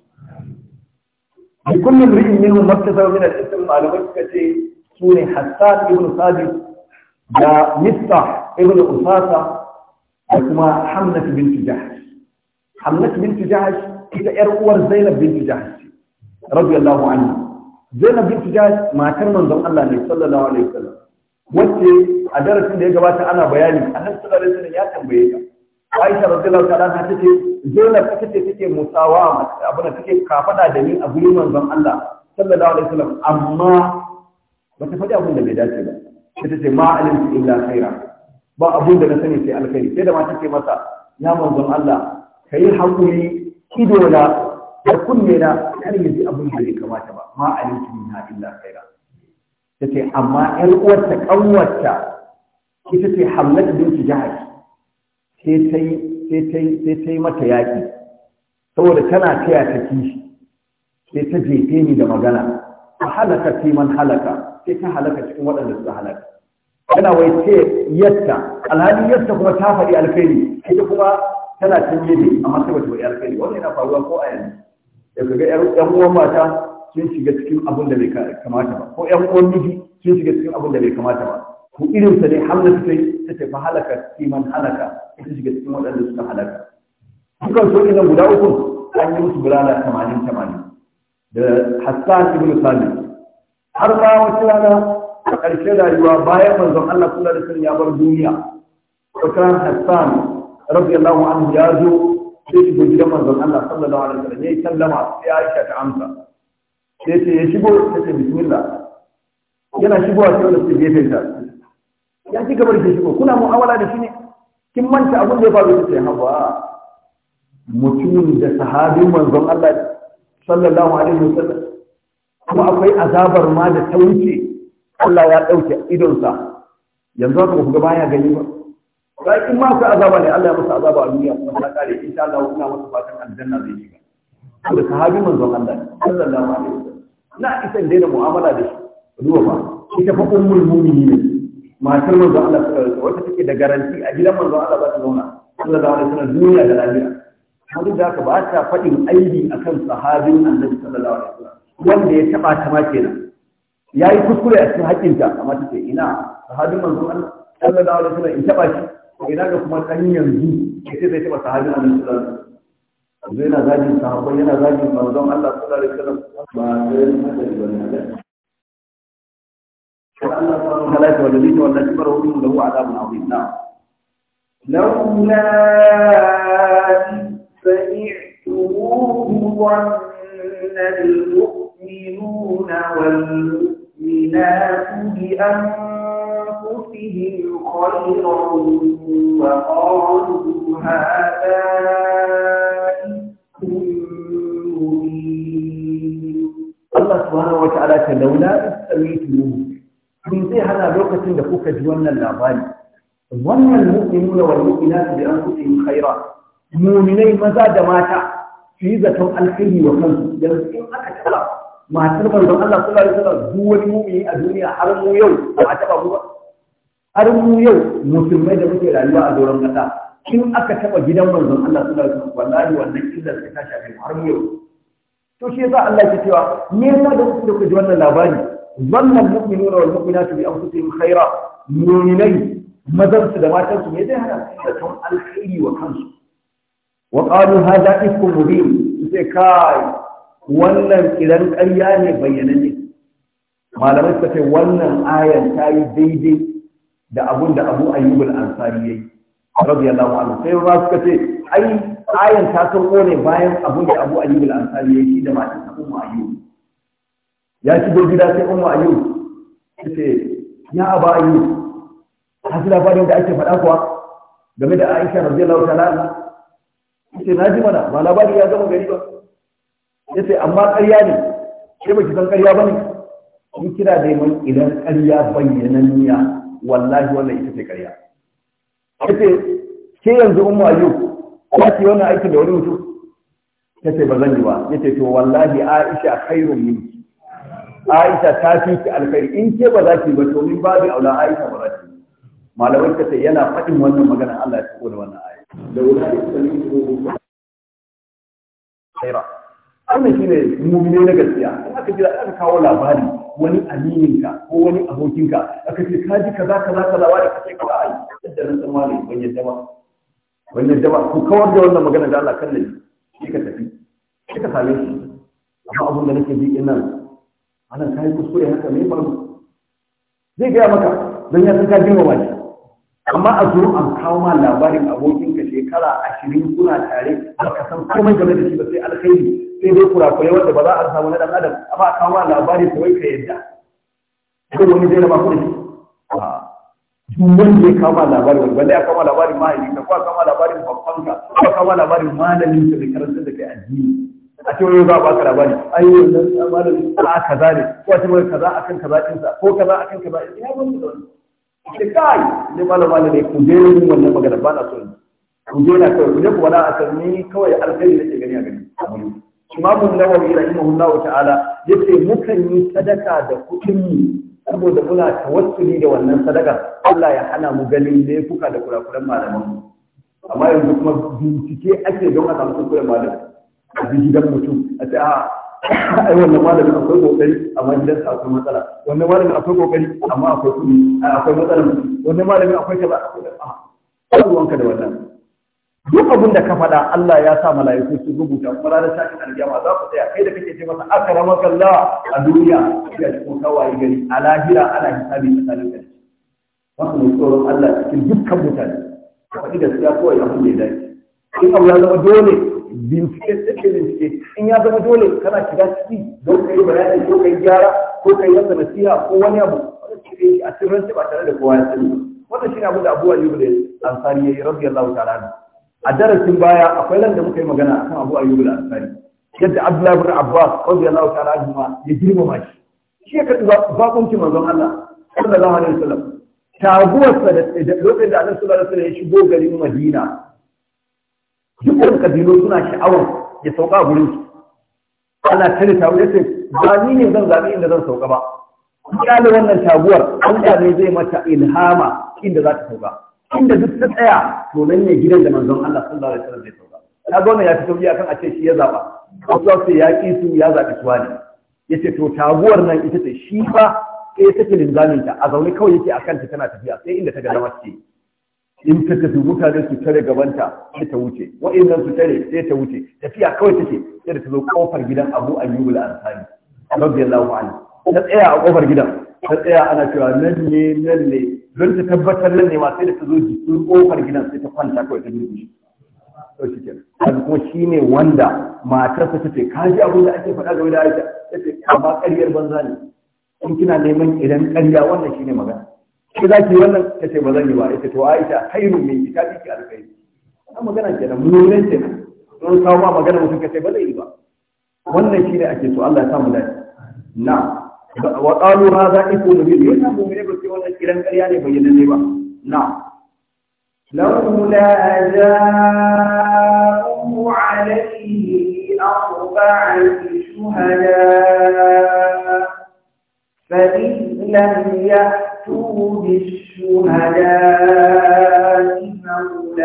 bi kullum ri'in minhu maktasaba min al-ism malamai suka ce su ne Hassan ibn Sabit da Mistah ibn Usasa da kuma Hamnat bint Jahsh Hamnat bint Jahsh ita yar uwar Zainab bint Jahsh radiyallahu anha Zainab bint Jahsh matar manzon Allah ne sallallahu alaihi wasallam wacce a darasin da ya gabata ana bayani annabi sallallahu alaihi wasallam ya tambaye ta Aisha radiyallahu ta'ala ta ce Zainab ita ce take musawa abin da take kafada da ni a gurin manzon Allah sallallahu alaihi wasallam amma ba ta faɗi abin da bai dace ba Ta ce ma alimtu illa khaira ba abin da na sani sai alkhairi sai da ma take masa ya manzon Allah kai hakuri ido na da kunne na kar yaji abin da bai kamata ba ma alimtu illa illa khaira ce amma ƴar uwarta kanwarta ita ce Hamlat binti Jahash sai ta yi mata yaƙi saboda tana taya ta kishi sai ta jefe ni da magana a halaka fi man halaka sai ta halaka cikin waɗanda suka halaka Yana wai ce yatta alhali yatta kuma ta faɗi alkhairi ita kuma tana cin yadda amma sai bata faɗi alkhairi wannan yana faruwa ko a yanzu da kaga ƴan uwan mata sun shiga cikin abin da bai kamata ba ko ƴan uwan miji sun shiga cikin abin da bai kamata ba ku irinsa sa ne halaka kai ta tafi halaka iman halaka ita shiga cikin waɗanda suka halaka dukan so ina guda uku an yi musu bulala tamanin tamanin da hassan ibn sami har ma wata rana a ƙarshen rayuwa bayan manzon Allah kula da sun ya bar duniya wata rana hassan radiyallahu anhu ya zo sai shigo gidan manzon Allah sallallahu alaihi wasallam yayi sallama sai Aisha ta amsa sai ce ya shigo ta ce bismillah yana shigowa sai wanda suke gefen ta ya ci gaba da shigo kuna mu'amala da shi ne kin manta abin da ya faru sai hawa mutumin da sahabin manzon Allah sallallahu alaihi wasallam kuma akwai azabar ma da ta wuce Allah ya dauke idonsa yanzu haka ku ga baya gani ba sai in ma ka azaba ne Allah ya masa azaba a duniya kuma ta kare insha Allah kuna masa fatan aljanna zai yi ba da manzon Allah sallallahu alaihi wasallam na isa da mu'amala da shi duba ba ita fa ummul mu'minin matar manzo Allah wata take da garanti a gidan manzo Allah za ta zauna Allah da wani suna duniya da lafiya hadu da ka ba ta faɗin aibi akan sahabin annabi sallallahu alaihi wasallam wanda ya taba ta ma kenan yayi kuskure a cikin haƙƙinta amma take ina sahabin manzo Allah sallallahu alaihi wasallam in taba shi ina ga kuma kan yanzu ce zai taɓa sahabi a nan yanzu yana zagin sahabbai yana zagin manzon Allah sallallahu alaihi wasallam ba zai ne وأن الله لا يتولدين ولا له عذاب عظيم نعم لولا إذ سمعتموه ظن المؤمنون والمؤمنات بأنفسهم خيرا وقالوا هذا الله سبحانه وتعالى لولا سمعتموه bin zai hana lokacin da kuka ji wannan labari wannan mu'minu da wal mu'minatu bi anfusihim khaira mu'minai maza da mata su yi zaton alkhairi wa kansu da in aka taba matar manzon Allah sallallahu alaihi wasallam duk wani mu'mini a duniya har mu yau ba taba mu ba har mu yau musulmai da muke rayuwa a doron kasa in aka taba gidan manzon Allah sallallahu alaihi wasallam wallahi wannan illar ta shafe har mu yau to shi yasa Allah ke cewa me yasa da kuka ji wannan labari ظن المؤمنون والمؤمنات بأنفسهم خيرا مؤمنين mazan su da matan su ne zai hana su da kan alkhairi wa kansu wa qalu hadha ifkun mubin sai kai wannan kiran ƙarya ne bayyananne malamai suka ce wannan ayan ta yi daidai da abun da Abu Ayyub al-Ansari yayi radiyallahu anhu sai ruwa suka ce ai ayan ta sauko ne bayan abun da Abu Ayyub al-Ansari yayi da matan Abu Ayyub ya shigo gida sai umma ayyub ce ya aba ayyub hasu labarin da ake faɗa kuwa game da aisha radiyallahu ta'ala ce na ji mana ba labari ya zama gari ba ce amma ƙarya ne ke baki san ƙarya ne? in kira da mai idan ƙarya bayyananniya wallahi wannan ita ce ƙarya ce ke yanzu umma ayyub ba ki wannan aikin da wani mutum Ya ce ba zan yi ba Ya ce to wallahi aisha khairun minki Aisha ta fi ki alkhairi in ke ba za ki ba to min babu aula Aisha ba za ki malamai ka ce yana faɗin wannan magana Allah ya tsoro da wannan aya da wani wulai salimu khaira wannan shine mu'mini na gaskiya aka ji aka kawo labari wani ka ko wani abokinka aka ce ka ji kaza kaza kaza wani ka ce ka ai da nan san wani ban yadda ba ban yadda ba ku kawar da wannan magana da Allah kan nan shi ka tafi shi ka same shi amma abin da nake ji nan wannan kai kuskure haka mai ba zai gaya maka don ya san ka ba shi amma a zo an kawo ma labarin abokin ka shekara ashirin kuna tare ba ka san komai game da shi ba sai alkhairi sai dai kurakurai wanda ba za a samu na dan adam amma a kawo ma labarin sa ka yadda ko wani zai ba ku da shi duk wanda ya kawo ma labarin wani balle ya kawo ma labarin mahaifinka ko a kawo ma labarin ka ko a kawo ma labarin malamin ka da karantar da kai addini a ce wani za a baka labari ai wannan malami a kaza ne ko a ce mai kaza kan kaza din sa ko kaza akan kaza din ya ban da wani ce kai ne malama ne ku je yin wannan magana ba na so ne ku je na kawai ku je ku wala a kan ni kawai alkhairi nake gani a gani imamu nawawi rahimahullahu ta'ala yace mukan yi sadaka da kuɗin mu saboda muna tawassuli da wannan sadaka Allah ya hana mu ganin laifuka da kurakuran malaman mu amma yanzu kuma bincike ake don a samu kurakuran malaman a gidan mutum a ce a ah, (coughs) ai wannan malamin akwai kokari amma gidansa akwai matsala wannan malamin akwai kokari amma akwai kudi akwai matsala wannan malamin akwai kaza akwai a ruwanka da wannan duk abin da ka faɗa Allah ya sa mala'iku su rubuta kuma ranar tashin aljama za ku tsaya kai da kake ce masa akrama kallah a duniya ya ci kuma kawai gari a lahira ana hisabi tsakanin gari haka mai tsoron Allah cikin dukkan mutane ka faɗi gaskiya kawai abin da ya dace in abu ya zama dole bincike tsike bincike in ya zama dole kana shiga ciki don ka yi bayani ko ka gyara ko ka yi masa nasiha ko wani abu wanda shi a sirrance ba tare da kowa ya sani wannan shi ne abin da abu ayyub da ansari ya yi radiyallahu ta'ala a darasin baya akwai nan da muka yi magana akan abu ayyub da ansari yadda abdullahi bin abbas radiyallahu ta'ala anhu ya girmama shi shi ya karɓi bakunci manzon allah sallallahu alaihi wasallam taguwarsa da lokacin da annabi sallallahu alaihi wasallam ya shigo garin madina dukkan kabilu suna sha'awar ya sauka a gurin su ana tare tawo ya ba ni ne zan zaɓi inda zan sauka ba kyale wannan taguwar Allah ne zai mata ilhama inda za ta sauka inda duk ta tsaya to nan ne gidan da manzon Allah sallallahu alaihi wasallam zai sauka ta gona ya fito biya kan a ce shi ya zaɓa wasu sai ya ƙi su ya zaɓi suwa ne ya to taguwar nan ita ce shi fa sai eh, take linzamin ta a zaune kawai yake a kanta tana tafiya sai inda ta ga dama ce in ta tafi mutane su tare gabanta sai ta wuce Waɗannan su tare sai ta wuce tafiya kawai take sai da ta zo kofar gidan Abu Ayyub al-Ansari radiyallahu anhu ta tsaya a kofar gidan ta tsaya ana cewa nan ne nan ne don ta tabbatar nan ne ma sai da ta zo jikin kofar gidan sai ta kwanta kawai ta girgishi shi kenan kuma shi ne wanda matarsa ta ce ka ji abin da ake faɗa game da Aisha ta ce amma ƙaryar banza ne in kina neman idan ƙarya wannan shine magana ki za ki wannan ta ce ba zan yi ba ita to aisha hairu min ita ki alkhairi ana magana ke kenan murin kenan don kawo ma magana mutum ka ce ba zai yi ba wannan shi ne ake so Allah ya samu dai na wa qalu hadha ikun bil yana mu'mini ba ce wannan kiran ƙarya ne bayyana ne ba na لولا جاءوا عليه أربعة شهداء فإن لم يأتوا بالشهداء فأولئك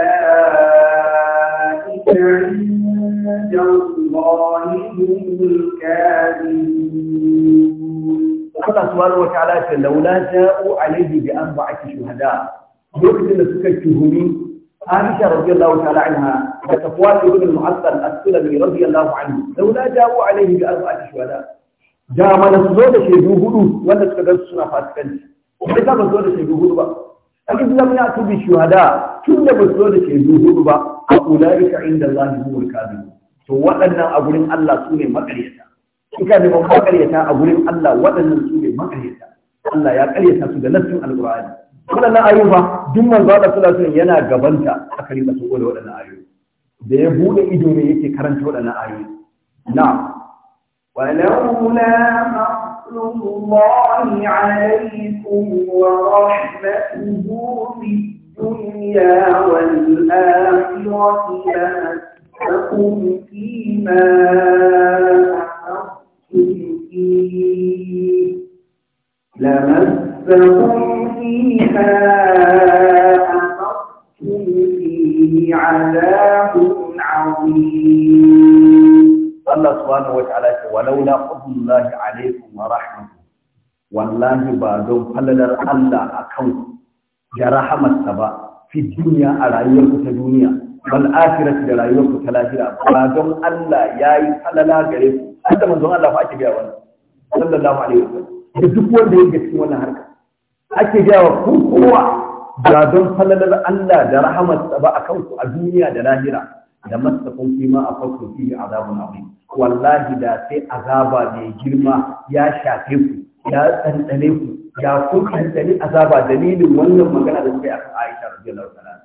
عند الله هم الكاذبون الله سبحانه وتعالى لولا جاءوا عليه بأربعة شهداء يقتل سكة شهومين عائشة رضي الله تعالى عنها وصفوان بن المعطل السلمي رضي الله عنه لولا جاءوا عليه بأربعة شهداء da su zo da shaidu hudu wanda suka gansu suna fasikanci kuma ita ba zo da shaidu hudu ba al zama ya tubi shuhada tun da ba su zo da shaidu hudu ba a ka inda za Allah huwal kadhib to waɗannan a gurin Allah su ne makaryata in ka neman makaryata a gurin Allah waɗannan su ne makaryata Allah ya karyata su da nassin alqur'ani waɗannan ba duk manzo Allah sallallahu alaihi yana gabanta aka rinka tsoko da waɗannan ayoyi da ya buɗe ido ne yake karanta waɗannan ayoyi na'am ولولا فضل الله عليكم ورحمته في الدنيا والآخرة لمسكم فيما أخذتم فيه لمسكم فيما أخذتم فيه عذاب عظيم Allah subhanahu wa ta'ala ce walaula fadlullahi alaikum wa rahmatuhu wallahi ba don falalar Allah akan ya rahamarsa ba fi duniya a rayuwar ku ta duniya bal akhirati da rayuwar ku ta lahira ba don Allah yayi falala gare ku hadda manzon Allah fa ake ga wannan sallallahu alaihi wasallam da duk wanda yake cikin wannan harka ake ga wa kowa ba don falalar Allah da rahamarsa ba akan ku a duniya da lahira da masakon fima a farko fi azabun azim wallahi da sai azaba mai girma ya shafe ku ya tsantsane ku ya ku tsantsane azaba dalilin wannan magana da suka yi a akan Aisha radiyallahu anha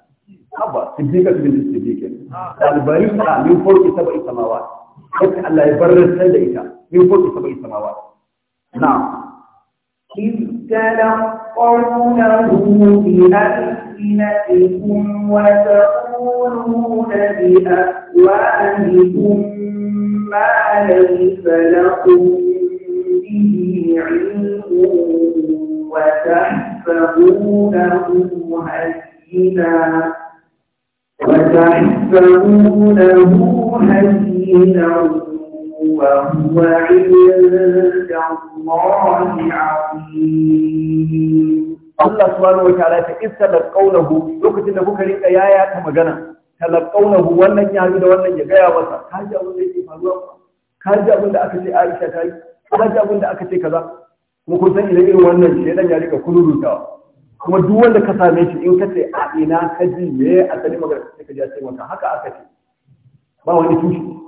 haba siddiqa bin siddiqa albari ta min fawqi sab'i samawat kace Allah ya barrata da ita min fawqi sab'i samawat na'am إذ تلقونه بألسنتهم ألسنتكم وتقولون بأفواهكم ما ليس لكم به علم وتحسبونه هينا وتحسبونه هينا وهو عند الله عظيم Allah subhanahu wataala ta istalqawnahu lokacin da kuka rinka yaya ta magana talqawnahu wannan ya da wannan ya gaya masa ka ji abin da yake faruwa ka ji abin da aka ce Aisha ta yi ka ji abin da aka ce kaza kuma kun san idan irin wannan shedan ya rika kulurutawa kuma duk wanda ka same shi in ka ce a ina ka ji me asalin magana sai ka ji a ce maka haka aka ce ba wani tushe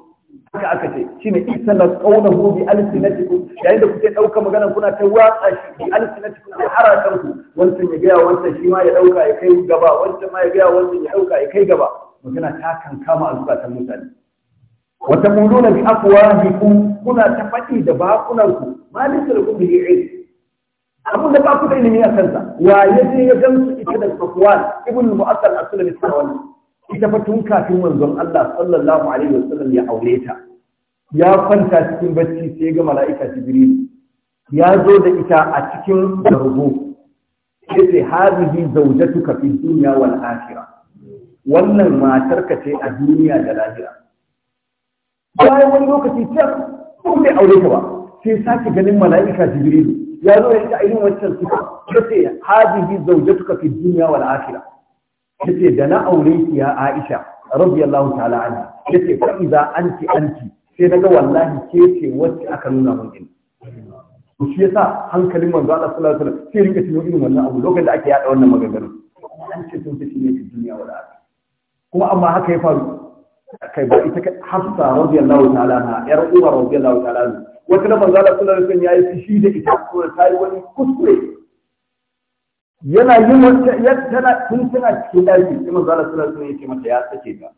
haka aka ce shi ne shine isana qawluhu bi alsinatikum yayin da kuke dauka magana kuna ta watsa shi bi alsinatikum da harakan ku wancan ya gaya wancan shi ma ya ɗauka ya kai gaba wancan ma ya gaya wancan ya ɗauka ya kai gaba magana ta kankama alzukatan mutane wata muluna bi ku kuna ta faɗi da bakunan ku ma kuma bi ilm abun da ba ku da ilimi a kansa wa ya je ya gamsu ita da safwan ibn mu'assal as-sulami wannan? ita fa tun kafin manzon Allah sallallahu alaihi wasallam ya aure ta ya kwanta cikin bacci sai ga mala'ika jibril ya zo da ita a cikin bargo sai sai hazihi zaujatuka fi dunya wal akhirah wannan matarka ce a duniya da lahira bayan wani lokaci ta, ko bai aure ta ba sai sake ganin mala'ika jibril ya zo da ita a irin wancan suka sai hazihi zaujatuka fi dunya wal akhirah ce da na aure ki ya Aisha radiyallahu ta'ala anha yace fa iza anti anti sai na ga wallahi ke ce wacce aka nuna mun din to shi yasa hankalin manzo Allah sallallahu alaihi wasallam sai rinka tuno irin wannan abu lokacin da ake yada wannan maganganu an ce sun fice ne duniya wala akhirah kuma amma haka ya faru kai ba ita Hafsa radiyallahu ta'ala na yar uwa radiyallahu ta'ala anha wata da manzo Allah sallallahu alaihi wasallam yayi fishi da ita ko ta yi wani kuskure yana yin wata yadda tun tana cikin daki sai manzo Allah sallallahu alaihi wasallam yake mata ya sake ta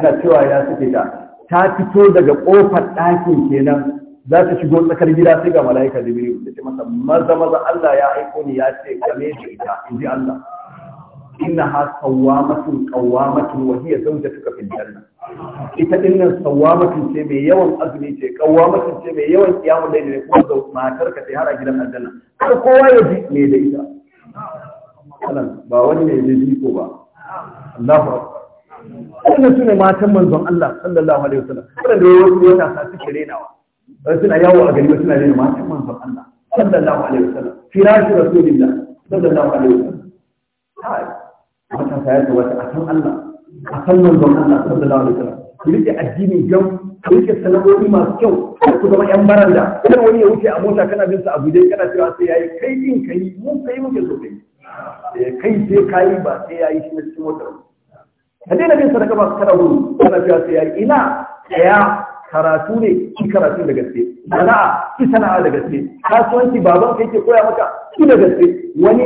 ina cewa ya sake ta ta fito daga ƙofar ɗakin kenan za ta shigo tsakar gida sai ga mala'ika jibril da ce masa maza maza Allah ya aiko ni ya ce game da ita in ji Allah inna ha sawwamatun qawwamatun wa hiya zawjatuka fil janna ita dinnan sawwamatun ce mai yawan azumi ce qawwamatun ce mai yawan kiyamu dai ne kuma zau matar ka sai har a gidan aljanna kar kowa ya ji me da ita ba wani ne ya ji ko ba Allahu akbar wannan su ne matan manzon Allah sallallahu alaihi wasallam waɗanda ya wasu yana sa suke renawa wani suna yawo a gari suna rena matan manzon Allah sallallahu alaihi wasallam firashi rasulillah sallallahu alaihi wasallam kai sa ya kamata a san Allah a san manzon Allah sallallahu alaihi wasallam ku rike addini gan ku rike sana'o'i masu kyau ku zama yan baranda kuma wani ya wuce a mota kana bin sa a guje kana cewa sai yayi kai din kai mun kai muke so kai eh, kai sai kai ba sai yayi shi na cikin motar ka daina bin sadaka ba kada wuri kana cewa sai ya ina ɗaya karatu ne ki karatu da gaske sana'a ki sana'a da gaske kasuwanci baban ka ke koya maka ki da gaske wani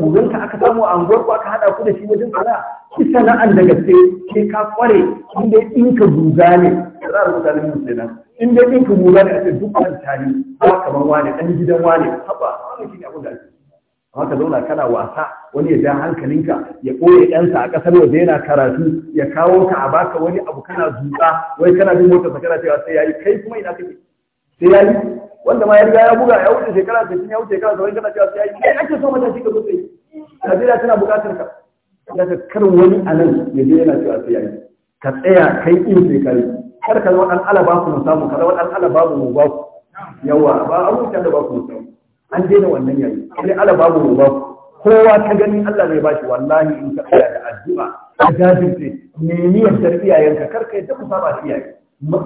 uban ka aka samu a anguwar ku aka hada ku da shi wajen sana'a ki sana'an da gaske ke ka kware in in ka guga ne za a rubuta da sai in dai in ka guga ne a ce duk an tari ba kamar wane dan gidan wane haba shi ne abin da ake haka ka zauna kana wasa wani ya ja hankalinka ya ɓoye ɗansa a ƙasar waje yana karatu ya kawo ka a baka wani abu kana zuƙa wai kana bin motar sa kana cewa sai yayi kai kuma ina kake sai yayi wanda ma ya riga ya buga ya wuce shekara 60 ya wuce shekara 70 kana cewa sai yayi kai ake so mata shi ka zo sai Najeriya tana buƙatar ka daga kar wani a nan ya je yana cewa sai yayi ka tsaya kai in sai kai kar ka zama ɗan alaba ku mu samu ka zama ɗan alaba mu ba ku yawa ba abubuwan da ba ku mu samu an daina wannan yayi sai ala babu ruwa kowa ta gani Allah zai bashi wallahi in ka tsaya da addu'a ka jajirce nemi yardar iyayenka kar ka yadda ku saba iyaye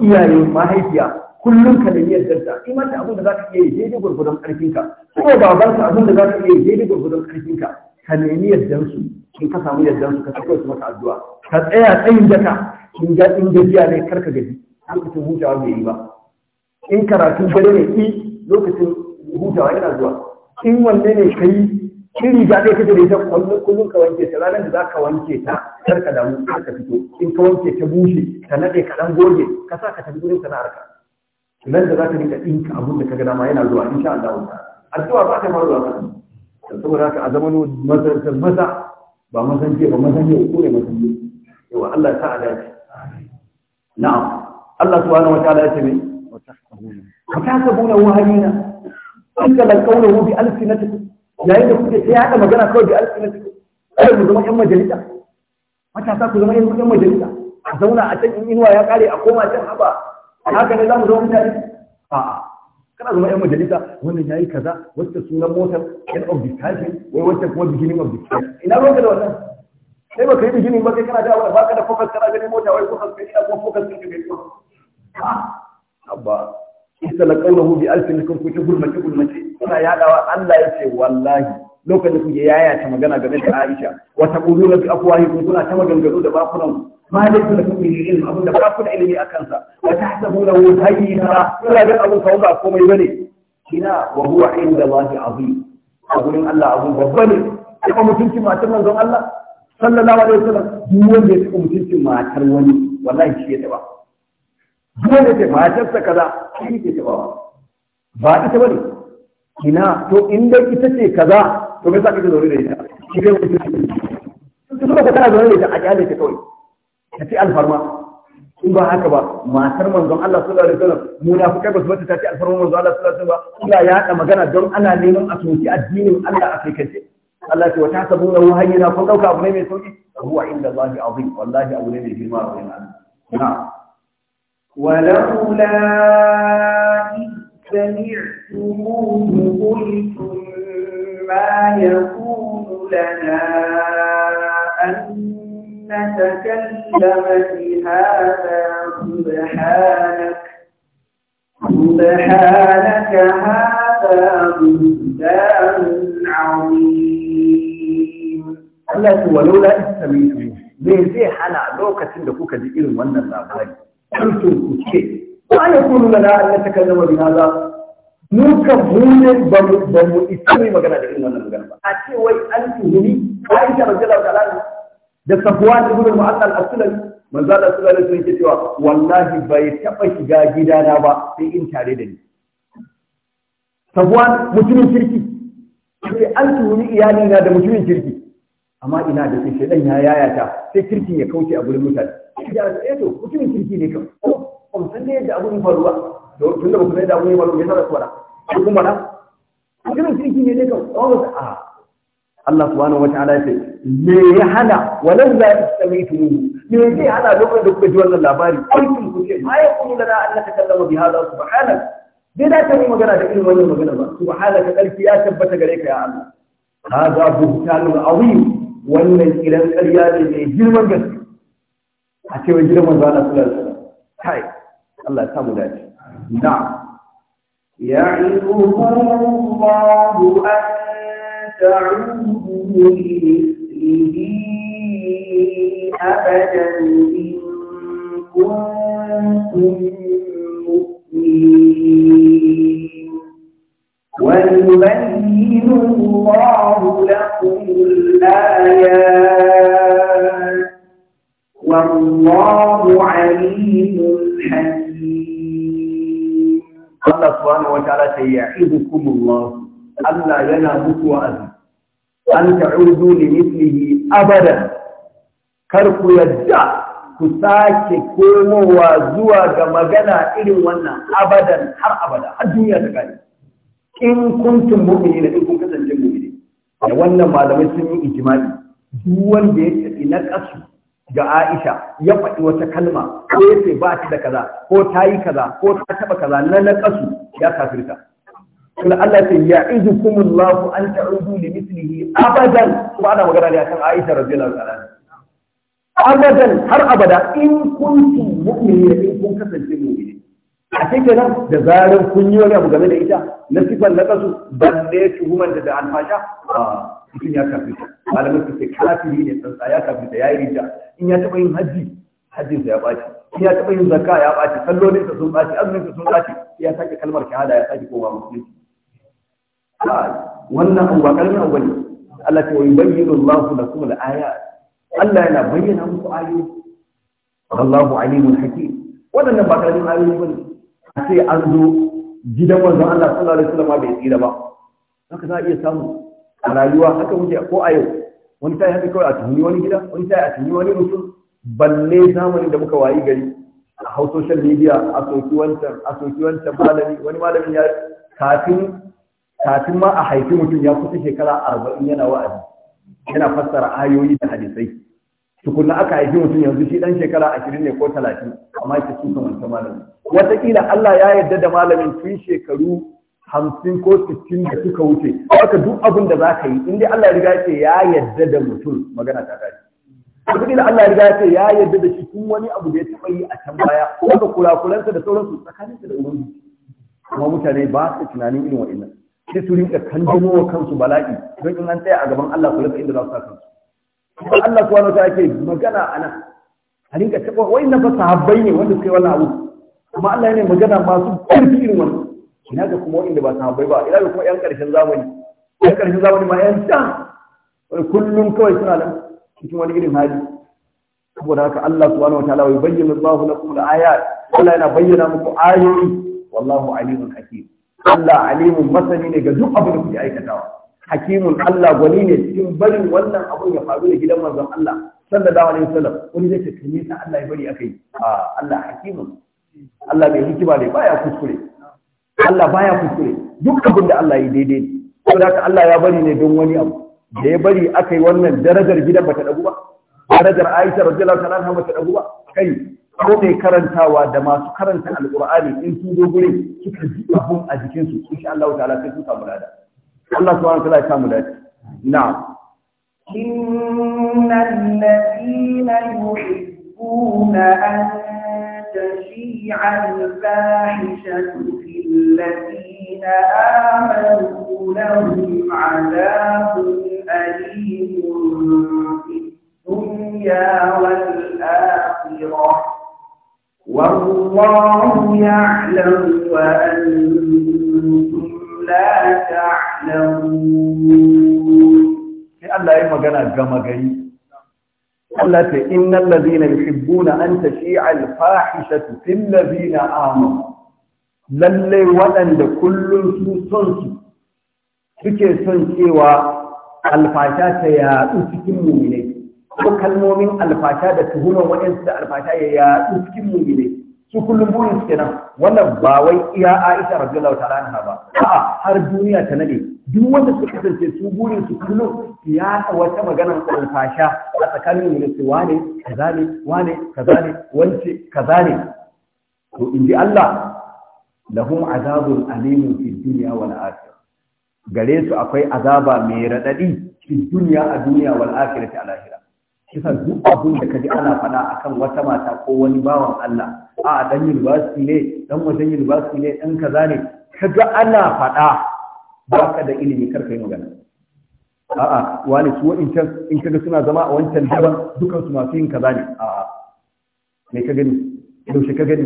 iyaye mahaifiya kullum ka nemi yardar ta da abin da zaka iya yi daidai gurgurdan ka. ko ka abin da zaka iya yi daidai gurgurdan karfinka ka Ka nemi yardar su in ka samu yardar su ka sako su maka addu'a ka tsaya tsayin daka in ga in gajiya ne kar ka gaji hujjawa hutawa bai yi ba in karatu dare ne ki lokacin hutawa ina zuwa in wanne ne kai in riga ɗaya kake da ita kullum kullum ka wanke ta ranar da za ka wanke ta kar ka damu kar ka fito in ka wanke ta bushe ka naɗe ka ɗan goge ka sa ka tafi gurin sana'ar ka nan da za ka dinga ɗinka abin da ka ga dama yana zuwa insha Allah ta addu'a ba ta ma zuwa kan saboda haka a zaman mazan maza ba mazan ba mazan yau ko ne mazan yau yawa Allah ta adace na'am Allah subhanahu wa ta'ala ya ce me wa tahsabuna wa tahsabuna wa أنزل قوله بألسنتكم لا يدخل في هذا مجال قول بألسنتكم kada mu zama 'yan majalisa matasa ku zama 'yan majalisa a zauna a can inuwa ya kare a koma can haba haka ne za mu zama mutane a'a kana zama 'yan majalisa wannan yayi kaza wacce sunan motar end of discussion wai wacce kuma beginning of discussion ina ruwanka da wannan sai baka yi beginning ba kai kana da ba ka da focus kana ganin mota wai focus kai ina kuma focus kai kai a'a abba isa la qawluhu bi alfin kun ku ta gulmace gulmace kuna yadawa Allah ya ce wallahi lokacin da kuke yaya ta magana game da Aisha wa taquluna bi afwahikum kuna ta maganganu da bakunan ma da kuma kun yi ilimi abin da ba ku da ilimi akan sa wa tahsabuna hu hayyina kuna ga abun kawo ba komai bane kina wa huwa inda Allahi azim a gurin Allah abun babba ne kuma mutunci matar manzon Allah sallallahu alaihi wasallam duk wanda ya taɓa mutuncin matar wani wallahi shi ya taɓa dole ce matarsa kaza shi ce ce ba ba ita bane ina to in dai ita ce kaza to me sa ka zaune da ita shi kai wani su suka ka tana zaune da ita a kyale ta kawai ta ce alfarma in ba haka ba matar manzon Allah sallallahu alaihi wasallam munafikai ba su bata ta ce alfarma manzon Allah sallallahu alaihi wasallam ba ya yaɗa magana don ana neman a soki addinin Allah a kai kace Allah ce wa ta sabuna wahayi na kun dauka abu ne mai sauki huwa inda Allah azim wallahi abu ne mai girma a wurin Allah na'am ولولا إذ سمعتموه قلتم ما يكون لنا أن نتكلم بهذا سبحانك سبحانك هذا بهتان عظيم الله ولولا إذ سمعتموه me zai hana lokacin da kuka ji irin wannan labari kuntum ba ya kunu lana an natakallama bi hadha mu kan mu ba mu isa mai magana da irin wannan magana ba a ce wai an tuhumi Aisha radiyallahu ta'ala da da ibn al-Mu'attal as-Sulami manzo Allah da alaihi wasallam cewa wallahi bai taba shiga gidana ba sai in tare da ni Safwan mutumin kirki sai an tuhumi iyalina da mutumin kirki amma ina da sai shedan ya yayata sai kirkin ya kauce a gurin mutane da eto eh mutumin kirki ne kan ko kuma san da yadda abun faruwa tun da ba ku da abun faruwa me yasa tsora ko kuma na mutumin kirki ne kan ko a Allah subhanahu wataala ya ce me ya hana walau la istamitu me zai hana lokacin da kuka ji wannan labari aikin ku ce ma ya kunu Allah ta kallama bi hadha subhanak dai da ta yi magana da irin wannan magana ba ka kalki ya tabbata gare ka ya Allah hadha buhtanun azim wannan kiran ƙarya ne mai girman gaske a cewa gidan manzo Allah sallallahu alaihi wasallam kai Allah ya samu dace na'am يعظكم الله أن تعودوا لمثله أبدا كنتم مؤمنين وليبين الله والله عليم حكيم الله سبحانه وتعالى سيعيبكم الله ألا ينابك وأذن أن تعودوا لمثله أبدا karku yadda ku sake komowa zuwa ga magana irin wannan abadan har abada har duniya ta gani in kuntum mu'mini ne in kun kasance mu'mini da wannan malamai sun yi ijimai duk wanda ya tafi na kasu ga Aisha ya faɗi wata kalma ko ya ce ba ta da kaza ko ta yi kaza ko ta taɓa kaza na naƙasu ya kafirta. Kuma Allah ce ya izu Allah an ta'udu li mislihi abadan kuma ana magana ne akan Aisha radiyallahu anha. Abadan har abada in kun mu'mini ne in kun kasance mu'mini. a cikin nan da zarar kun yi wani abu game da ita na sifan na kasu balle tuhumar da da alfasha mutum ya kafin ta malamai su ce kafiri ne tsantsa ya kafin ya yi rija in ya taɓa yin hajji hajjinsa ya ɓaci in ya taɓa yin zakka ya ɓaci sallolinsa sun ɓaci azuminsa sun ɓaci ya sake kalmar shahada ya sake kowa musulunci wannan abu ba ƙaramin abu ne Allah ta yi bayyana Allah da kuma aya Allah yana bayyana muku ayoyi Allahu alimun hakim waɗannan ba ƙaramin ayoyi ba ne a ce an zo gidan wanzan Allah sallallahu alaihi wasallam bai tsira ba haka za a iya samu a rayuwa haka muke ko a yau wani ta yi haka kawai a tuni wani gida wani ta yi a tuni wani mutum balle zamanin da muka wayi gari a hau social media a soki wancan a soki wancan malami wani malami ya kafin kafin ma a haifi mutum ya kusa shekara arba'in yana wa'azi yana fassara ayoyi da hadisai tukunna aka haifi mutum yanzu shi dan shekara ashirin ne ko talatin amma ya suka wancan malami wataƙila Allah ya yarda da malamin tun shekaru hamsin ko sittin da suka wuce haka duk abin da za ka yi in dai Allah ya riga ce ya yadda da mutum magana ta kare wataƙila Allah ya riga ya ce ya yadda da shi kun wani abu da ya taɓa yi a can baya wanda kurakuransa da sauransu tsakaninsa da ubangiji kuma mutane ba su tunanin irin wa'annan sai su rinka kanjamo wa kansu bala'i don in an tsaya a gaban Allah ku rasa inda za su sa kansu Allah subhanahu wa ta'ala ke magana a nan a rinka taɓa wa'annan fa sahabbai ne wanda suka yi wannan abu kuma Allah ya ne magana masu ƙarfi irin wannan ina ga kuma wanda ba sahabbai ba ina ga kuma yan karshen zamani yan karshen zamani ma yan ta? wani kullum kawai suna nan cikin wani irin hali saboda haka Allah subhanahu wa ta'ala wa yubayyinu Allahu lakum al-ayat Allah yana bayyana muku ayoyi wallahu alimun hakim Allah alimun masani ne ga duk abin da kuke aikatawa hakimun Allah gwani ne cikin barin wannan abin ya faru da gidan manzon Allah sallallahu alaihi wasallam wani zai ce kame ta Allah ya bari akai a ah, Allah hakimun Allah mai hikima ne baya kuskure Allah baya kuskure duk abin da Allah ya daidai ne saboda haka Allah ya bari ne don wani abu da ya bari aka yi wannan darajar gidan bata dagu ba darajar Aisha radiyallahu ta'ala anha bata dagu ba kai ko mai karantawa da masu karanta alqur'ani in su dogure suka ji abun a jikin su insha Allah ta'ala sai su samu lada Allah subhanahu wa ta'ala ya samu lada na'am inna alladhina yuhibbuna an تشيع الفاحشة في الذين آمنوا لهم عذاب أليم في الدنيا والآخرة والله يعلم وأنتم لا تعلمون. Allah ya magana gama gari Allah ta innal ladina yuhibbuna an tashi'a al-fahishatu fil ladina amanu lalle waɗanda kullum su son su suke son cewa alfasha ta yaɗu cikin muminai ko kalmomin alfasha da tuhumar waɗansu da alfasha ya yaɗu cikin muminai su kullum burin su kenan wannan ba wai iya Aisha radiyallahu ta'ala anha ba a'a har duniya ta nade duk wanda suka kasance su burin su kullum ya ta wata maganar fasha a tsakanin mu su wane kaza ne wane kaza ne wance kaza ne to in ji Allah lahum azabun alimun fi dunya wal akhirah gare su akwai azaba mai radadi fi dunya a duniya wal akhirati a lahira kisa duk abun da kaji ana faɗa akan wata mata ko wani bawan Allah a dan basu ne dan wajen basu ne dan kaza ne kaga ana faɗa ba ka da ilimi kar ka yi magana a'a wani su wa'incan in kaga suna zama a wancan daban dukan su masu yin kaza ne a'a me ka gani yaushe ka gani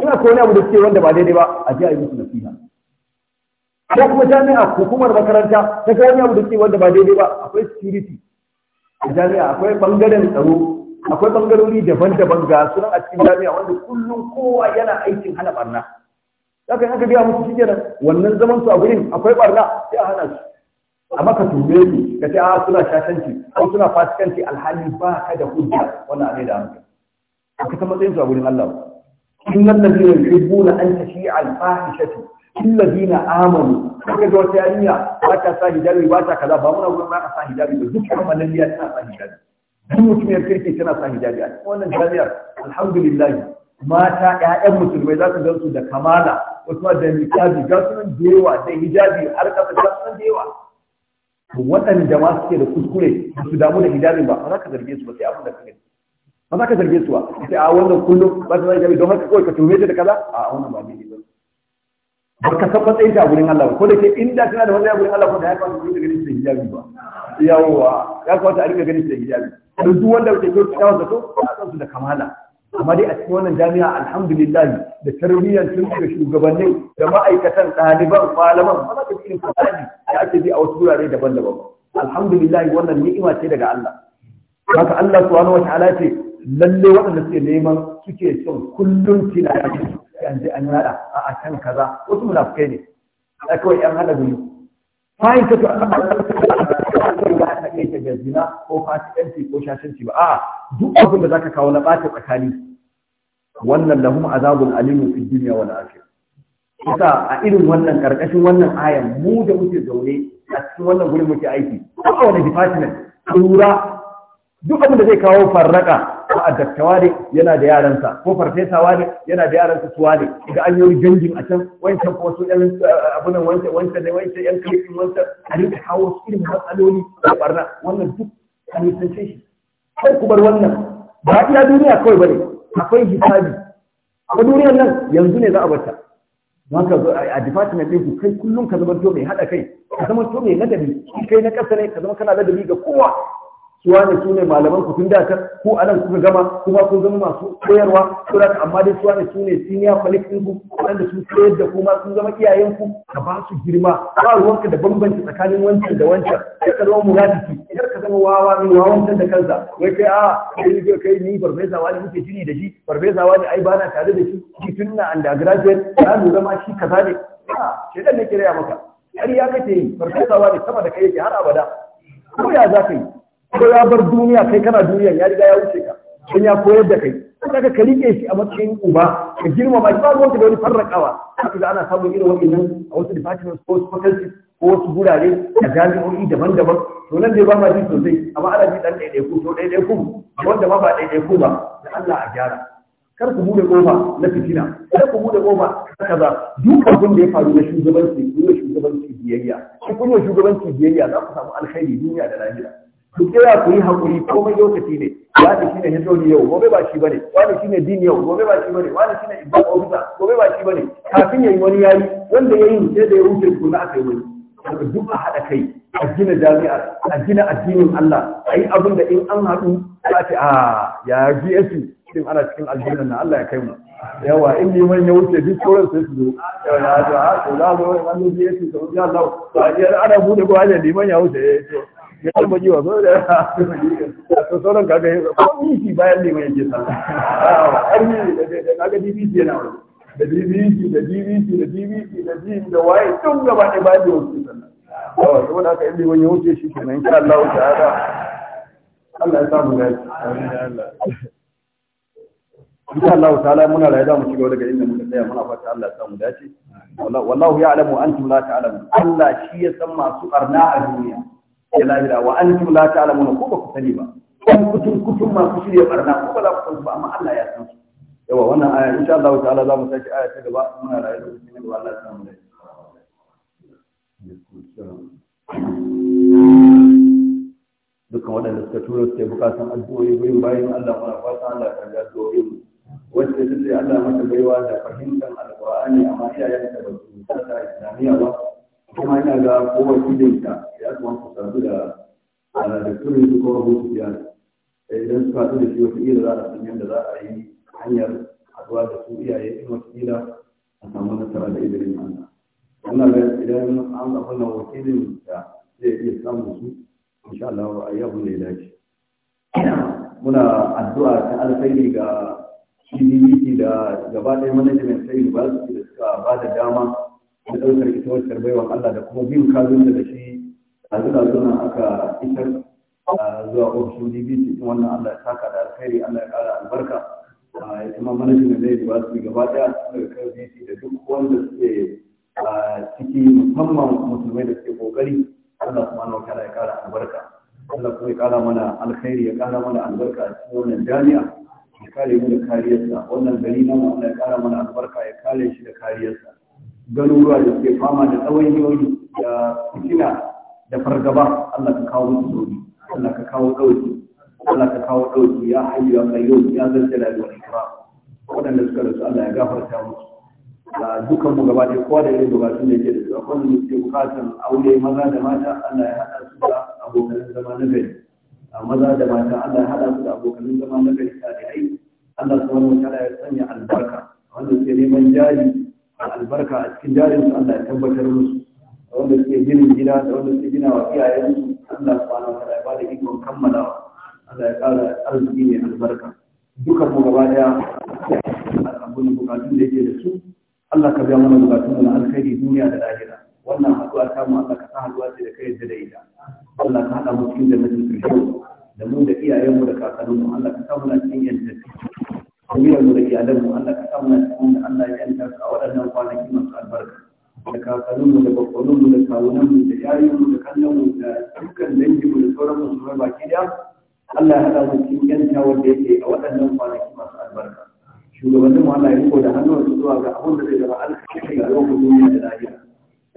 ina ko wani abu da suke wanda ba daidai ba a ji a yi musu nasiha ko kuma jami'a hukumar makaranta ta ga wani abu da suke wanda ba daidai ba akwai security a jami'a akwai bangaren tsaro akwai bangarori daban-daban ga sunan a cikin jami'a wanda kullum kowa yana aikin hana barna haka in aka gaya musu shi kenan wannan zaman su a gurin akwai barna sai a hana su amma ka tube su ka ce a ah, suna shashanci ko suna fasikanci alhali ba ka da hujja wannan abin da hankali ka san matsayin su a gurin Allah innal ladina yuhibbuna an tashi'a al-fahishatu illazina amanu kaga ga wata yarinya ba ta sa hijabi ba ta kaza ba muna gurin ba sa hijabi ba dukkan malaliya tana sa hijabi duk mutum ya kirki tana sa hijabi a cikin wannan jami'ar alhamdulillah mata ƴaƴan musulmai za su gansu da kamala wasu da hijabi ga sunan da yawa da hijabi har kasa ga sunan da yawa waɗanda ma suke da kuskure ba su damu da hijabi ba ba za ka zarge su ba sai abin da kake ba za ka zarge su ba sai a wannan kullum ba su zarge don haka kawai ka tume ta da kaza a wannan ba ne ba ba ka san matsayin ta a gurin Allah ba ko da ke inda tana da wannan a gurin Allah ko da ya kawo su da ganin da hijabi ba yawwa ya kawo ta a rika ganin da hijabi don duk wanda ke kyau ta zato to ba a san su da kamala amma dai a cikin wannan jami'a alhamdulillah da tarbiyyar tun shugabannin da ma'aikatan ɗaliban malaman ba za ka irin fasadi da ake ji a wasu wurare daban-daban alhamdulillah wannan ni'ima ce daga Allah haka Allah subhanahu wata'ala ce lalle waɗanda suke neman suke son kullum tunani an je an yada a can kaza wasu munafukai ne da kawai 'yan hada guri fa'in to Allah da zina ko fasikanci ko shashanci ba a'a duk abin da zaka kawo na bata tsakani wannan lahum azabun alimun fid dunya wal akhirah kusa a irin wannan karkashin wannan ayan mu da muke zaune a cikin wannan gurin muke aiki ko a wani department lura duk abin da zai kawo farraka ko a dattawa ne yana da yaransa ko farfesawa ne yana da yaransa suwa ne ga an yi gangin a can wancan ko wasu yan eh, abunan wancan wancan ne wancan yan kalifin wancan a rinka kawo su irin matsaloli da barna wannan duk a nisance shi kai ku bar wannan ba iya duniya kawai bane akwai hisabi a duniyar nan yanzu ne za a bata don ka zo a department din ku kai kullum ka zama to mai hada kai ka zama to mai ladabi kai na ƙasa ne ka zama kana ladabi ga kowa suwane su ne malaman ku tun da kan ku anan kuka gama kuma kun zama masu koyarwa ko da amma dai suwane su ne senior colleagues ku ku da su koyar da kuma sun zama iyayen ku ka ba su girma ba ruwanka da bambanci tsakanin wancan da wancan kar ka zama munafiki kar ka zama wawa ne wawancan da kansa wai kai a ah, kai ne kai ni farfesa wani kuke jini da shi farfesa wani ai bana tare da shi shi tun na undergraduate ya lura zama shi kaza ne a ah, dan ne kira maka har ya kace farfesa wani sama da kai yake har abada ko ya za ka yi ko ya bar duniya kai kana duniya ya riga ya wuce ka don ya koyar da kai kaga ka rike shi a matsayin uba ka girmama shi ba wanda da wani farrakawa haka da ana samun irin nan a wasu departments ko wasu faculty ko wasu gurare a jami'o'i daban-daban to nan dai ba ma ji sosai amma ana ji dan ku to ɗaiɗaiku wanda ma ba ku ba da Allah a gyara kar ku bude goma na fitina kar ku bude goma kaza duk abin da ya faru na shugabanci ku shugabanci biyayya ku kuma shugabanci biyayya za ku samu alkhairi duniya da lahira ku kira ku yi haƙuri komai lokaci ne wani shine history yau gobe ba shi bane wani shine din yau gobe ba shi bane wani shine ibad ofisa gobe ba shi bane kafin yayi wani yayi wanda yayi sai da ya wuce ku na aka yi wani daga duk a haɗa kai a gina jami'ar a gina addinin Allah a yi abin da in an haɗu za ce a ah, ya GSU din ana cikin aljanna na Allah ya kai mu yawa in liman ya wuce duk sauran sai su zo yawa ya zo a ah, to za mu yi wani GSU to ya Allah to a ana bude ko hanyar liman ya wuce ya eh, to ya san baji wa so da to sauran kaga ya ko miki bayan ne mai yake sana har ni da kaga DBC yana wani da DBC da DBC da DBC da DBC da waye tun gaba ne bayan da wasu sannan yawa saboda haka inda wani wuce shi kenan insha Allah ta'ala Allah ya samu lafiya amin ya Allah insha Allah ta'ala muna raye za mu ci gaba daga inda muka tsaya muna fata Allah ya samu dace wallahu ya'lamu antum la ta'lamun Allah shi ya san masu arna a duniya ya lahira wa antum la ta'lamuna ko ba ku sani ba kun kutun kutun ma ku shirye barna ko ba za ku san ba amma Allah ya san yawa wannan aya insha Allah ta'ala za mu saki aya ta gaba muna rayu da cikin gaba Allah ya mu da dukkan waɗanda suka tura suke bukatan addu'o'i bayan bayan Allah muna fata Allah ta ga addu'o'in wacce ta ce Allah mata baiwa da fahimtar alqur'ani amma iyayen ta ba su ta islamiyya ba kuma ina ga kowa ta ya kuma ku sadu da da turin su kowa hutu biya idan suka su shi wata ila za a san yadda za a yi hanyar haduwa da su iyaye in wata ila a samu nasara da izinin Allah wannan ga idan an zafi na wakilin da zai iya samun su insha Allah a yi abin da ya muna addu'a ta alkhairi ga CDBT da gaba ɗaya management ta university da suka ba da dama da ɗaukar ita wacce baiwa Allah da kuma bin kazunta da shi a zuwa zuwa aka isar zuwa ofishin DBC wannan Allah ya saka da alkhairi Allah ya ƙara albarka ya kuma manajin da zai ba su gaba ɗaya daga kan DBC da duk wanda suke ciki musamman musulmai da suke kokari Allah subhanahu wa ya ƙara albarka Allah kuma ya ƙara mana alkhairi ya ƙara mana albarka a cikin wannan jami'a ya kare mu da kariyarsa wannan gari na Allah ya ƙara mana albarka ya kare shi da kariyarsa garuruwa da suke fama da tsawainiyoyi da fitina da fargaba Allah ka kawo musu sauri Allah ka kawo ɗauki Allah ka kawo ɗauki ya hayyu ya qayyum ya zal jalali wal ikram waɗanda suka rasu Allah ya gafarta musu da dukan mu gaba ɗaya kowa da irin bukatun da yake da su akwai wanda suke bukatan aure maza da mata Allah ya haɗa su da abokan zama na gari maza da mata Allah ya haɗa su da abokan zama na gari salihai Allah subhanahu wa ta'ala ya sanya albarka wanda suke neman jari albarka a cikin jarin su Allah ya tabbatar musu da wanda suke jirin gida da wanda suke gina wa iyayen su Allah subhanahu wa ta'ala ya bada ikon kammalawa Allah ya ƙara arziki ne albarka duka mu gaba daya abun bukatun da yake da su Allah ka biya mana bukatun mu na alkhairi duniya da lahira wannan haduwa ta mu Allah ka sa haduwa ce da kai da ita Allah ka hada mu cikin jannatin firdaus da mu da iyayen mu da kakanninmu Allah ka sa muna cikin yantaci duniyar mu da ke Adamu, Allah ka samu na cikin da Allah ya yanta su a waɗannan kwanaki masu albarka da kakannin mu da bakwanin mu da kawunan mu da yayin mu da kallon mu da dukkan dangi mu da sauran musulmai baki daya Allah ya haɗa mu cikin yanta wanda yake a waɗannan kwanaki masu albarka shugabannin mu Allah ya riko da hannunsu zuwa ga abin da zai zama alkhairi ga yau duniya da lahira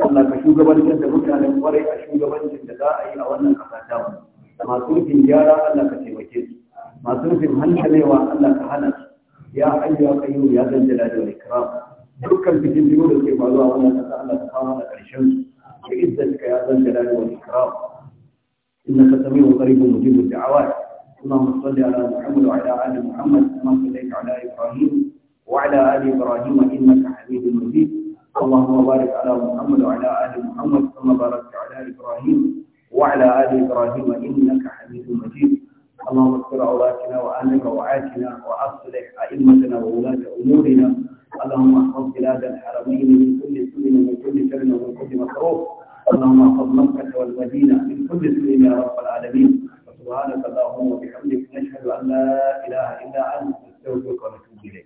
Allah ka shugabancin da mutanen kwarai a shugabancin da za a yi a wannan ƙasa ta mu masu rufin gyara Allah ka taimake su masu rufin hankalewa Allah ka hana su يا حي يا قيوم يا ذا الجلال والاكرام ركن بجنون كيف الله ولا تسالنا تقارنك الشمس بعزتك يا ذا الجلال والاكرام انك سميع قريب مجيب الدعوات اللهم صل على محمد وعلى ال محمد كما صليت على ابراهيم وعلى ال ابراهيم انك حميد مجيد اللهم بارك على محمد وعلى ال محمد كما باركت على ابراهيم وعلى ال ابراهيم انك حميد مجيد اللهم اغفر عوراتنا وأهل روعاتنا وأصلح أئمتنا وولاة أمورنا اللهم احفظ بلاد الحرمين من كل سوء ومن كل شر ومن كل مكروه اللهم احفظ مكة والمدينة من كل سوء يا رب العالمين سبحانك اللهم وبحمدك نشهد أن لا إله إلا أنت نستغفرك ونتوب إليك